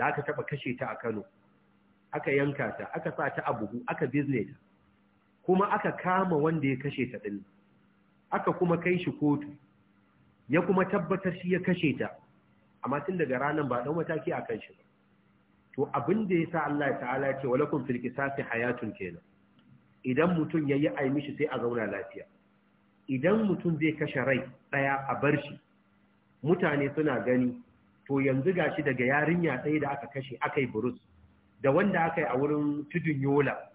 [SPEAKER 1] da aka taba kashe ta a Kano aka yanka ta aka sa ta a buhu aka bizne ta kuma aka kama wanda ya kashe ta ɗin aka kuma kai shi kotu ya kuma tabbatar shi ya kashe ta amma tun daga ranar ba ɗan mataki a kan shi ba to abin da ya sa Allah ta'ala ce walakun fil qisasi hayatun kenan idan mutum yayi ai mishi sai a zauna lafiya idan mutum zai kashe rai daya a bar shi mutane suna gani to yanzu gashi daga yarinya ɗaya da aka kashe akai burus da wanda aka yi a wurin tudun yola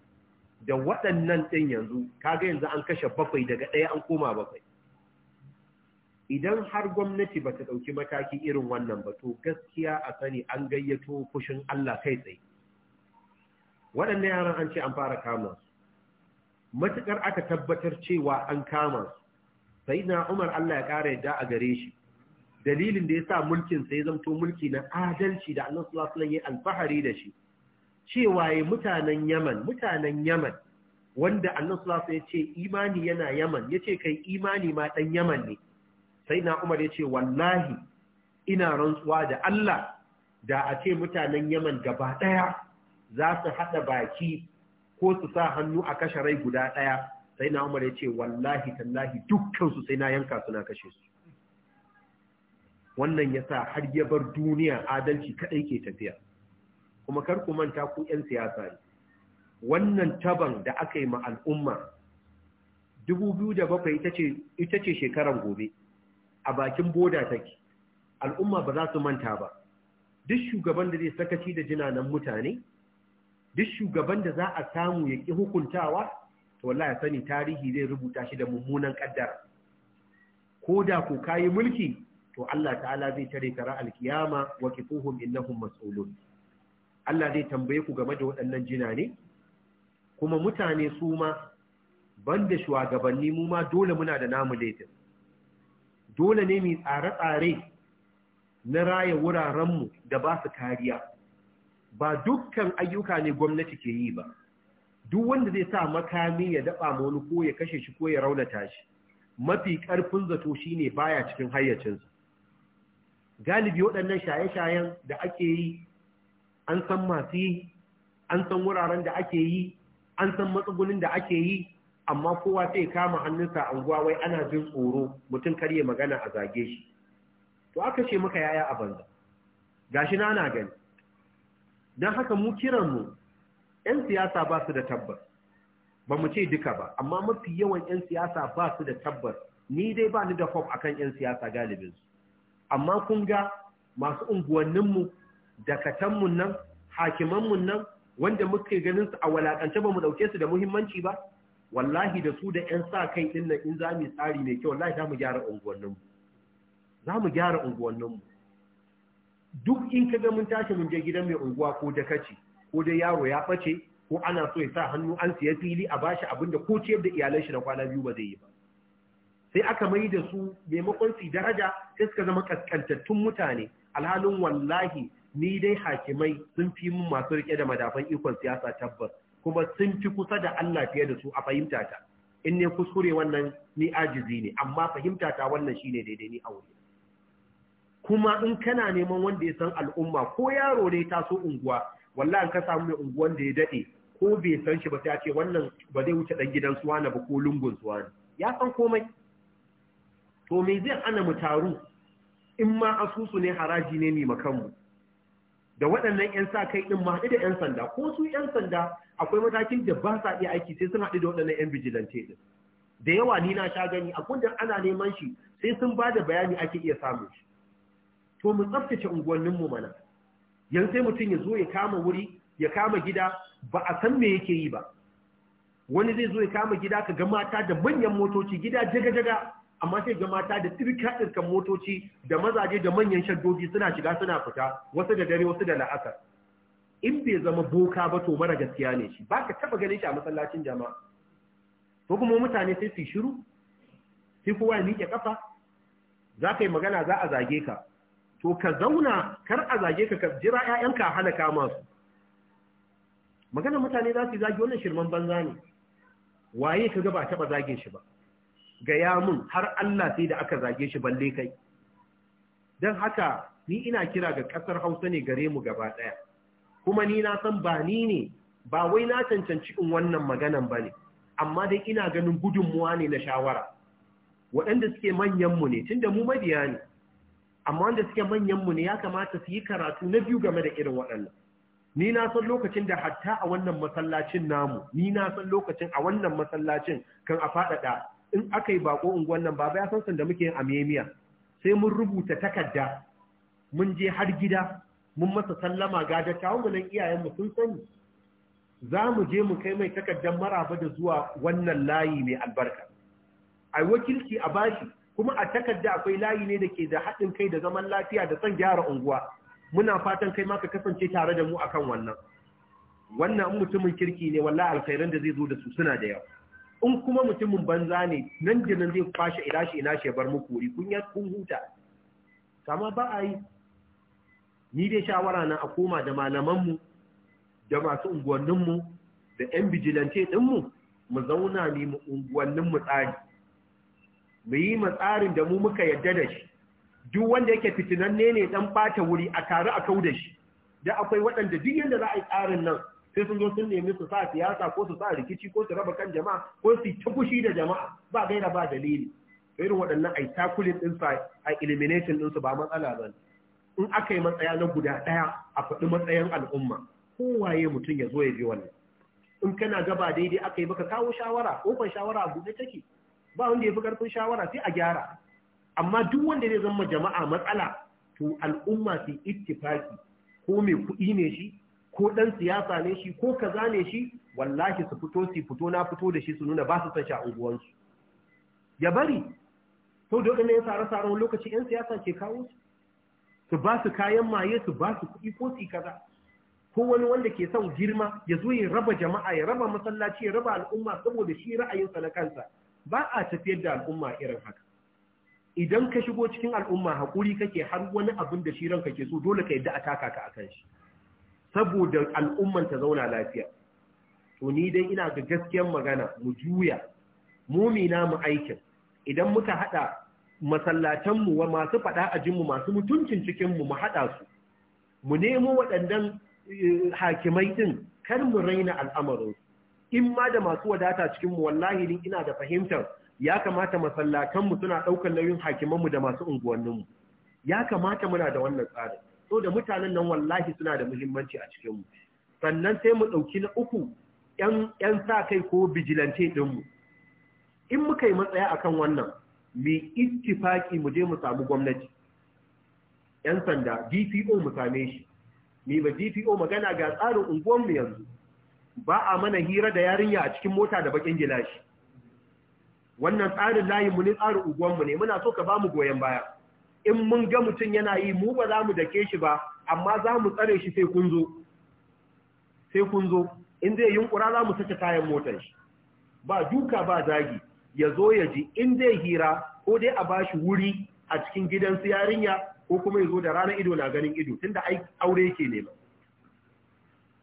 [SPEAKER 1] da waɗannan ɗin yanzu kaga yanzu an kashe bakwai daga ɗaya an koma bakwai idan har gwamnati ba ta ɗauki mataki irin wannan ba to gaskiya a sani an gayyato fushin Allah kai tsaye waɗannan yaran an ce an fara kama su matuƙar aka tabbatar cewa an kama su sai na umar Allah ya ƙara yadda a gare shi dalilin da ya sa mulkin sai zamto mulki na adalci da annan sulasulan ya alfahari da shi cewa ya mutanen yaman mutanen yaman wanda allah sulasa ya ce imani yana yaman ya ce kai imani ma ɗan yaman ne sai na umar ya ce wallahi ina rantsuwa da allah da a ce mutanen yaman gaba ɗaya za su haɗa baki ko su sa hannu a kashe rai guda ɗaya sai na umar ya ce wallahi tallahi dukkansu sai na yanka suna kashe su wannan ya sa har ya bar duniya adalci kaɗai ke tafiya kuma kar ku manta ku 'yan siyasa ne wannan taban da aka yi ma al'umma 2007 ita ce shekaran gobe a bakin boda take al'umma ba za su manta ba duk shugaban da zai sakaci da jinanan mutane duk shugaban da za a samu ya ki hukuntawa to wallahi sani tarihi zai rubuta shi da mummunan kaddara ko da ko kayi mulki to Allah ta'ala zai tare ka ra'al alkiyama wa kifuhum innahum mas'ulun Allah zai tambaye ku game da waɗannan jina ne kuma mutane su ma banda shugabanni mu ma dole muna da namu laifin dole ne mu tsare-tsare na raya wurarenmu da ba su kariya ba dukkan ayyuka ne gwamnati ke yi ba duk wanda zai sa makami ya daɓa ma wani ko ya kashe shi ko ya raunata shi mafi ƙarfin zato shine baya cikin hayyacinsu. galibi waɗannan shaye-shayen da ake yi an san masu yi an san wuraren da ake yi an san matsugunin da ake yi amma kowa sai kama hannunsa a unguwa wai ana jin tsoro mutum karye magana a zage shi to aka ce maka yaya a banza gashi na na gani don haka mu kiran mu 'yan siyasa ba su da tabbas ba mu ce duka ba amma mafi yawan 'yan siyasa ba su da tabbas ni dai ba ni da hope akan 'yan siyasa galibinsu amma kun ga masu unguwanninmu dakatanmu nan hakimanmu nan wanda muke ganin su a walakance ba mu dauke su da muhimmanci ba wallahi da su da 'yan sa kai din nan in za mu tsari mai kyau wallahi za mu gyara unguwannin mu za mu gyara unguwannin duk in ka ga mun tashi mun je gidan mai unguwa ko da kace ko da yaro ya bace ko ana so ya sa hannu an siya fili a bashi abin da ko ciyar da iyalan shi na kwana biyu ba zai yi ba sai aka mai da su maimakon su daraja sai suka zama kaskantattun mutane alhalin wallahi ni dai hakimai sun fi mun masu rike da madafan ikon siyasa tabbas kuma sun fi kusa da Allah fiye da su a fahimta ta in ne kuskure wannan ni ajizi ne amma fahimta ta wannan shine daidai ni aure kuma in kana neman wanda ya san al'umma ko yaro ne ta so unguwa wallahi ka samu mai unguwan da ya dade ko bai san shi ba sai a ce wannan ba zai wuce dan gidan suwa na ba ko lungun suwa ya san komai to me zai ana mu taru in ma asusu ne haraji ne mai makanmu da waɗannan 'yan sa kai ɗin ma haɗu da 'yan sanda ko su 'yan sanda akwai matakin da ba sa iya aiki sai sun haɗu da waɗannan 'yan bijilance ɗin da yawa ni na sha gani a kundin ana neman shi sai sun ba da bayani ake iya samun shi to mu tsaftace unguwanninmu mana yanzu sai mutum ya zo ya kama wuri ya kama gida ba a san me yake yi ba wani zai zo ya kama gida ka ga mata da manyan motoci gida jaga-jaga amma sai ga mata da tirka ɗinka motoci da mazaje da manyan shaddoji suna shiga suna fita wasu da dare wasu da la'asar in bai zama boka ba to mara gaskiya ne shi ba ka taba ganin shi a masallacin jama'a ko kuma mutane sai su shiru sai kowa ya miƙe kafa za ka yi magana za a zage ka to ka zauna kar a zage ka ka jira 'ya'yanka a hana kama su magana mutane za su zage wannan shirman banza ne waye ka ga ba taba zagin shi ba gaya mun har Allah sai da aka zage shi balle kai don haka ni ina kira ga ƙasar hausa ne gare mu gaba ɗaya kuma ni na san ba ni ne ba wai na cancanci in wannan maganan ba ne amma dai ina ganin gudunmuwa ne na shawara waɗanda suke manyanmu ne tunda mu mabiya ne amma wanda suke manyanmu ne ya kamata su yi karatu na biyu game da irin waɗannan ni na san lokacin da hatta a wannan masallacin namu ni na san lokacin a wannan masallacin kan a faɗaɗa in aka yi bako unguwan nan baba ya san sanda muke yin amemiya sai mun rubuta takarda mun je har gida mun masa sallama ga dattawan mu nan iyayen mu sun sani za mu je mu kai mai takardar maraba da zuwa wannan layi mai albarka ai wakilci a bashi kuma a takarda akwai layi ne da ke da haɗin kai da zaman lafiya da son gyara unguwa muna fatan kai ma ka kasance tare da mu akan wannan wannan mutumin kirki ne wallahi alkhairan da zai zo da su suna da yawa in kuma mutumin banza ne nan da nan zai kwashe ina shi ina shi bar muku wuri kun ya kun huta kama ba a yi ni dai shawara na a koma da malamanmu da masu unguwanninmu da 'yan bijilance dinmu mu zauna ne mu mu tsari mu yi tsarin da mu muka yadda da shi duk wanda yake fitinan ne dan bata wuri a tare a kau da shi da akwai waɗanda duk yadda za a yi tsarin nan sai sun zo sun nemi su sa siyasa ko su sa rikici ko su raba kan jama'a ko su ta fushi da jama'a ba gaira ba dalili irin waɗannan ai takulin din sa a elimination din su ba matsala ba in aka yi matsaya na guda ɗaya a faɗi matsayin al'umma kowaye mutum ya zo ya bi wannan in kana gaba daidai aka yi baka kawo shawara kofar shawara a buɗe take ba wanda ya fi karfin shawara sai a gyara amma duk wanda zai zama jama'a matsala to al'umma su ittifaki ko mai kuɗi ne shi ko dan siyasa ne shi ko kaza ne shi wallahi su fito su fito na fito da shi su nuna ba su san sha unguwansu ya bari sau da waɗannan tsare tsaron lokaci 'yan siyasa ke kawo su su ba su kayan maye su ba su kuɗi ko su kaza ko wani wanda ke son girma ya zo ya raba jama'a ya raba masallaci ya raba al'umma saboda shi ra'ayinsa na kansa ba a tafiyar da al'umma irin haka idan ka shigo cikin al'umma Hakuri kake har wani abin da shi ranka ke so dole ka yadda a taka ka akan shi saboda al'umman ta zauna lafiya to ni dai ina ga gaskiyar magana mu juya mumina mu aikin idan muka haɗa masallatanmu wa masu fada ajinmu masu mutuncin cikinmu mu haɗa su mu nemo waɗannan eh, hakimai ɗin kan mu raina al'amarinsu in ma da masu wadata cikinmu wallahi ni ina da fahimtar ya kamata masallatanmu suna ɗaukar nauyin hakimanmu da masu unguwanninmu ya kamata muna da wannan tsarin so da mutanen nan wallahi suna da muhimmanci a cikinmu sannan sai mu ɗauki na uku ‘yan sa kai ko bijilance ɗinmu in muka yi matsaya akan wannan mai ittifaki mu je mu samu gwamnati ‘yan sanda dpo mu same shi mai ba dpo magana ga tsarin unguwanmu yanzu ba a mana hira da yarinya a cikin mota da bakin gilashi wannan tsarin layinmu ne tsarin unguwanmu ne muna so ka ba mu goyon baya in mun ga mutum yana yi mu ba za mu dake shi ba amma za mu tsare shi sai kun zo sai kun zo in zai yunkura za mu sake kayan motar shi ba duka ba zagi ya zo ya ji in zai hira ko dai a bashi wuri a cikin gidansu yarinya ko kuma ya zo da ranar ido na ganin ido tunda ai aure yake ba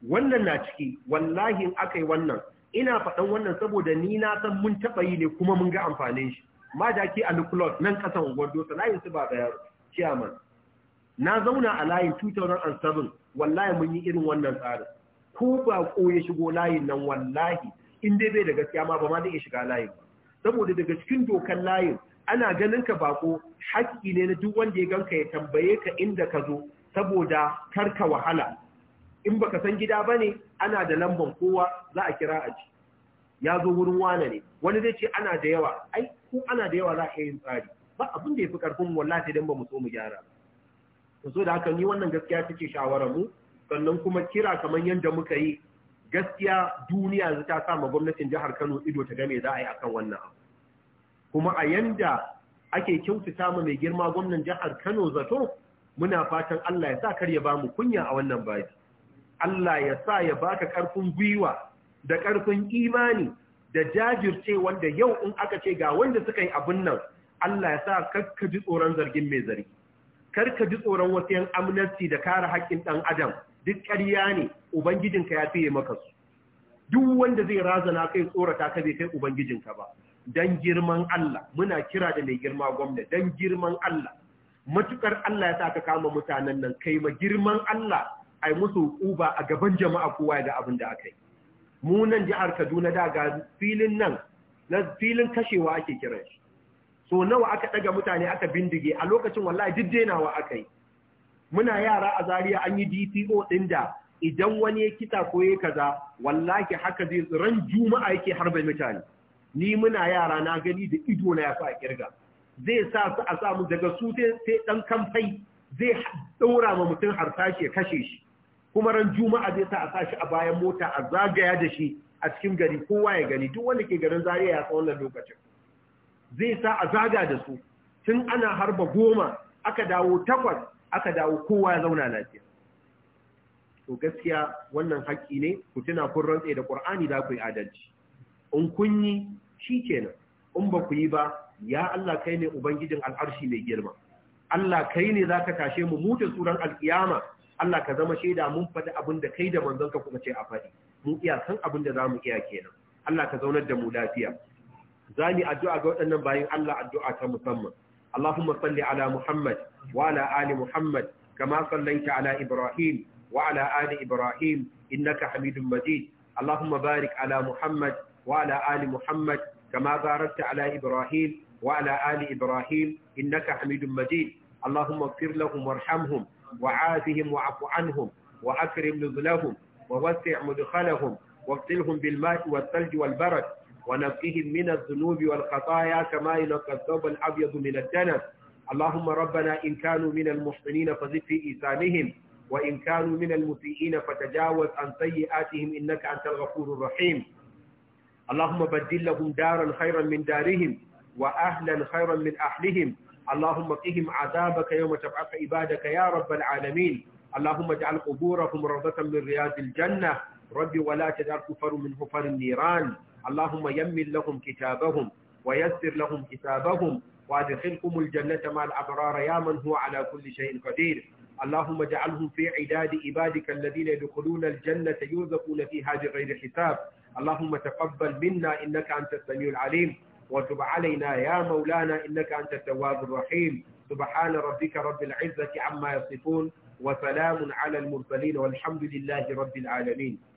[SPEAKER 1] wannan na ciki wallahi in aka yi wannan ina faɗan wannan saboda ni na san mun taɓa yi ne kuma mun ga amfanin shi majaki a nukulot nan kasan ta layin su ba da yaro na zauna a layin 2007 wallahi mun yi irin wannan tsarin ko ba ko ya shigo layin nan wallahi in dai bai da gaskiya ma ba ma zai shiga layin ba saboda daga cikin dokan layin ana ganin ka bako haƙƙi ne na duk wanda ya ganka ya tambaye ka inda ka zo saboda karka wahala in baka san gida bane ana da lamban kowa za a kira a ji ya zo wurin wane ne wani zai ce ana da yawa ai ko ana da yawa za a yin tsari ba abin da ya fi karfin wallahi dan ba mu so mu gyara ba so da haka ni wannan gaskiya take shawarar mu sannan kuma kira kaman yadda muka yi gaskiya duniya yanzu ta sa gwamnatin jihar Kano ido ta game za a yi akan wannan abu kuma a yanda ake kyautata mu mai girma gwamnan jihar Kano zato muna fatan Allah ya sa kar ya bamu kunya a wannan baki Allah ya sa ya baka karfin gwiwa da ƙarfin imani da jajirce wanda yau in aka ce ga wanda suka yi abin nan Allah ya sa karka ji tsoron zargin mai zargi karka ji tsoron wasu yan amnesty da kare haƙƙin ɗan adam duk ƙarya ne ubangijinka ya fiye maka su duk wanda zai razana kai tsorata ka zai kai ubangijinka ba dan girman Allah muna kira da mai girma gwamna dan girman Allah matukar Allah ya sa ka kama mutanen nan kai ma girman Allah ai musu uba a gaban jama'a kowa ga abin da aka yi mu nan jihar Kaduna da ga filin nan na filin kashewa ake kira shi so nawa aka daga mutane aka bindige a lokacin wallahi diddenawa aka yi muna yara a Zaria an yi DPO din da idan wani ya kita ko ya kaza wallahi haka zai ran juma'a yake harba mutane ni muna yara na gani da ido na yafi a kirga zai sa su a samu daga su sai dan kamfai zai daura ma mutum harsashi ya kashe shi kuma ran juma'a zai sa a sashi a bayan mota a zagaya da shi a cikin gari kowa ya gani duk wanda ke garin zariya ya tsawon lokacin zai sa a zaga da su tun ana harba goma aka dawo takwas aka dawo kowa ya zauna lafiya to gaskiya wannan haƙƙi ne ku tuna kun rantse da ƙur'ani za ku yi adalci in kun yi shi kenan in ba ku yi ba ya Allah kai ne ubangijin al'arshi mai girma Allah kai ne za ka tashe mu mutu tsoron alkiyama Allah ka zama shaida mun faɗi abin da kai da ka kuma ce a faɗi mu iya san abin da zamu iya kenan Allah ka zaunar da mu lafiya zani addu'a ga waɗannan bayin Allah addu'a ta musamman Allahumma salli ala Muhammad wa ala ali Muhammad kama sallaita ala Ibrahim wa ala ali Ibrahim innaka Hamidum Majid Allahumma barik ala Muhammad wa ala ali Muhammad kama barakta ala Ibrahim wa ala ali Ibrahim innaka Hamidum Majid Allahumma ighfir lahum warhamhum وعافهم واعف عنهم وأكرم نزلهم ووسع مدخلهم واغسلهم بالماء والثلج والبرد ونقهم من الذنوب والخطايا كما ينقى الثوب الأبيض من الدنس اللهم ربنا إن كانوا من المحسنين فزد في إيثانهم وإن كانوا من المسيئين فتجاوز عن سيئاتهم إنك أنت الغفور الرحيم اللهم بدل لهم دارا خيرا من دارهم وأهلا خيرا من أهلهم اللهم قهم عذابك يوم تبعث عبادك يا رب العالمين اللهم اجعل قبورهم روضة من رياض الجنة ربي ولا تدع كفر من حفر النيران اللهم يمن لهم كتابهم ويسر لهم حسابهم وادخلكم الجنة مع الأبرار يا من هو على كل شيء قدير اللهم اجعلهم في عداد عبادك الذين يدخلون الجنة يرزقون فيها بغير حساب اللهم تقبل منا إنك أنت السميع العليم وتب علينا يا مولانا إنك أنت التواب الرحيم سبحان ربك رب العزة عما يصفون وسلام على المرسلين والحمد لله رب العالمين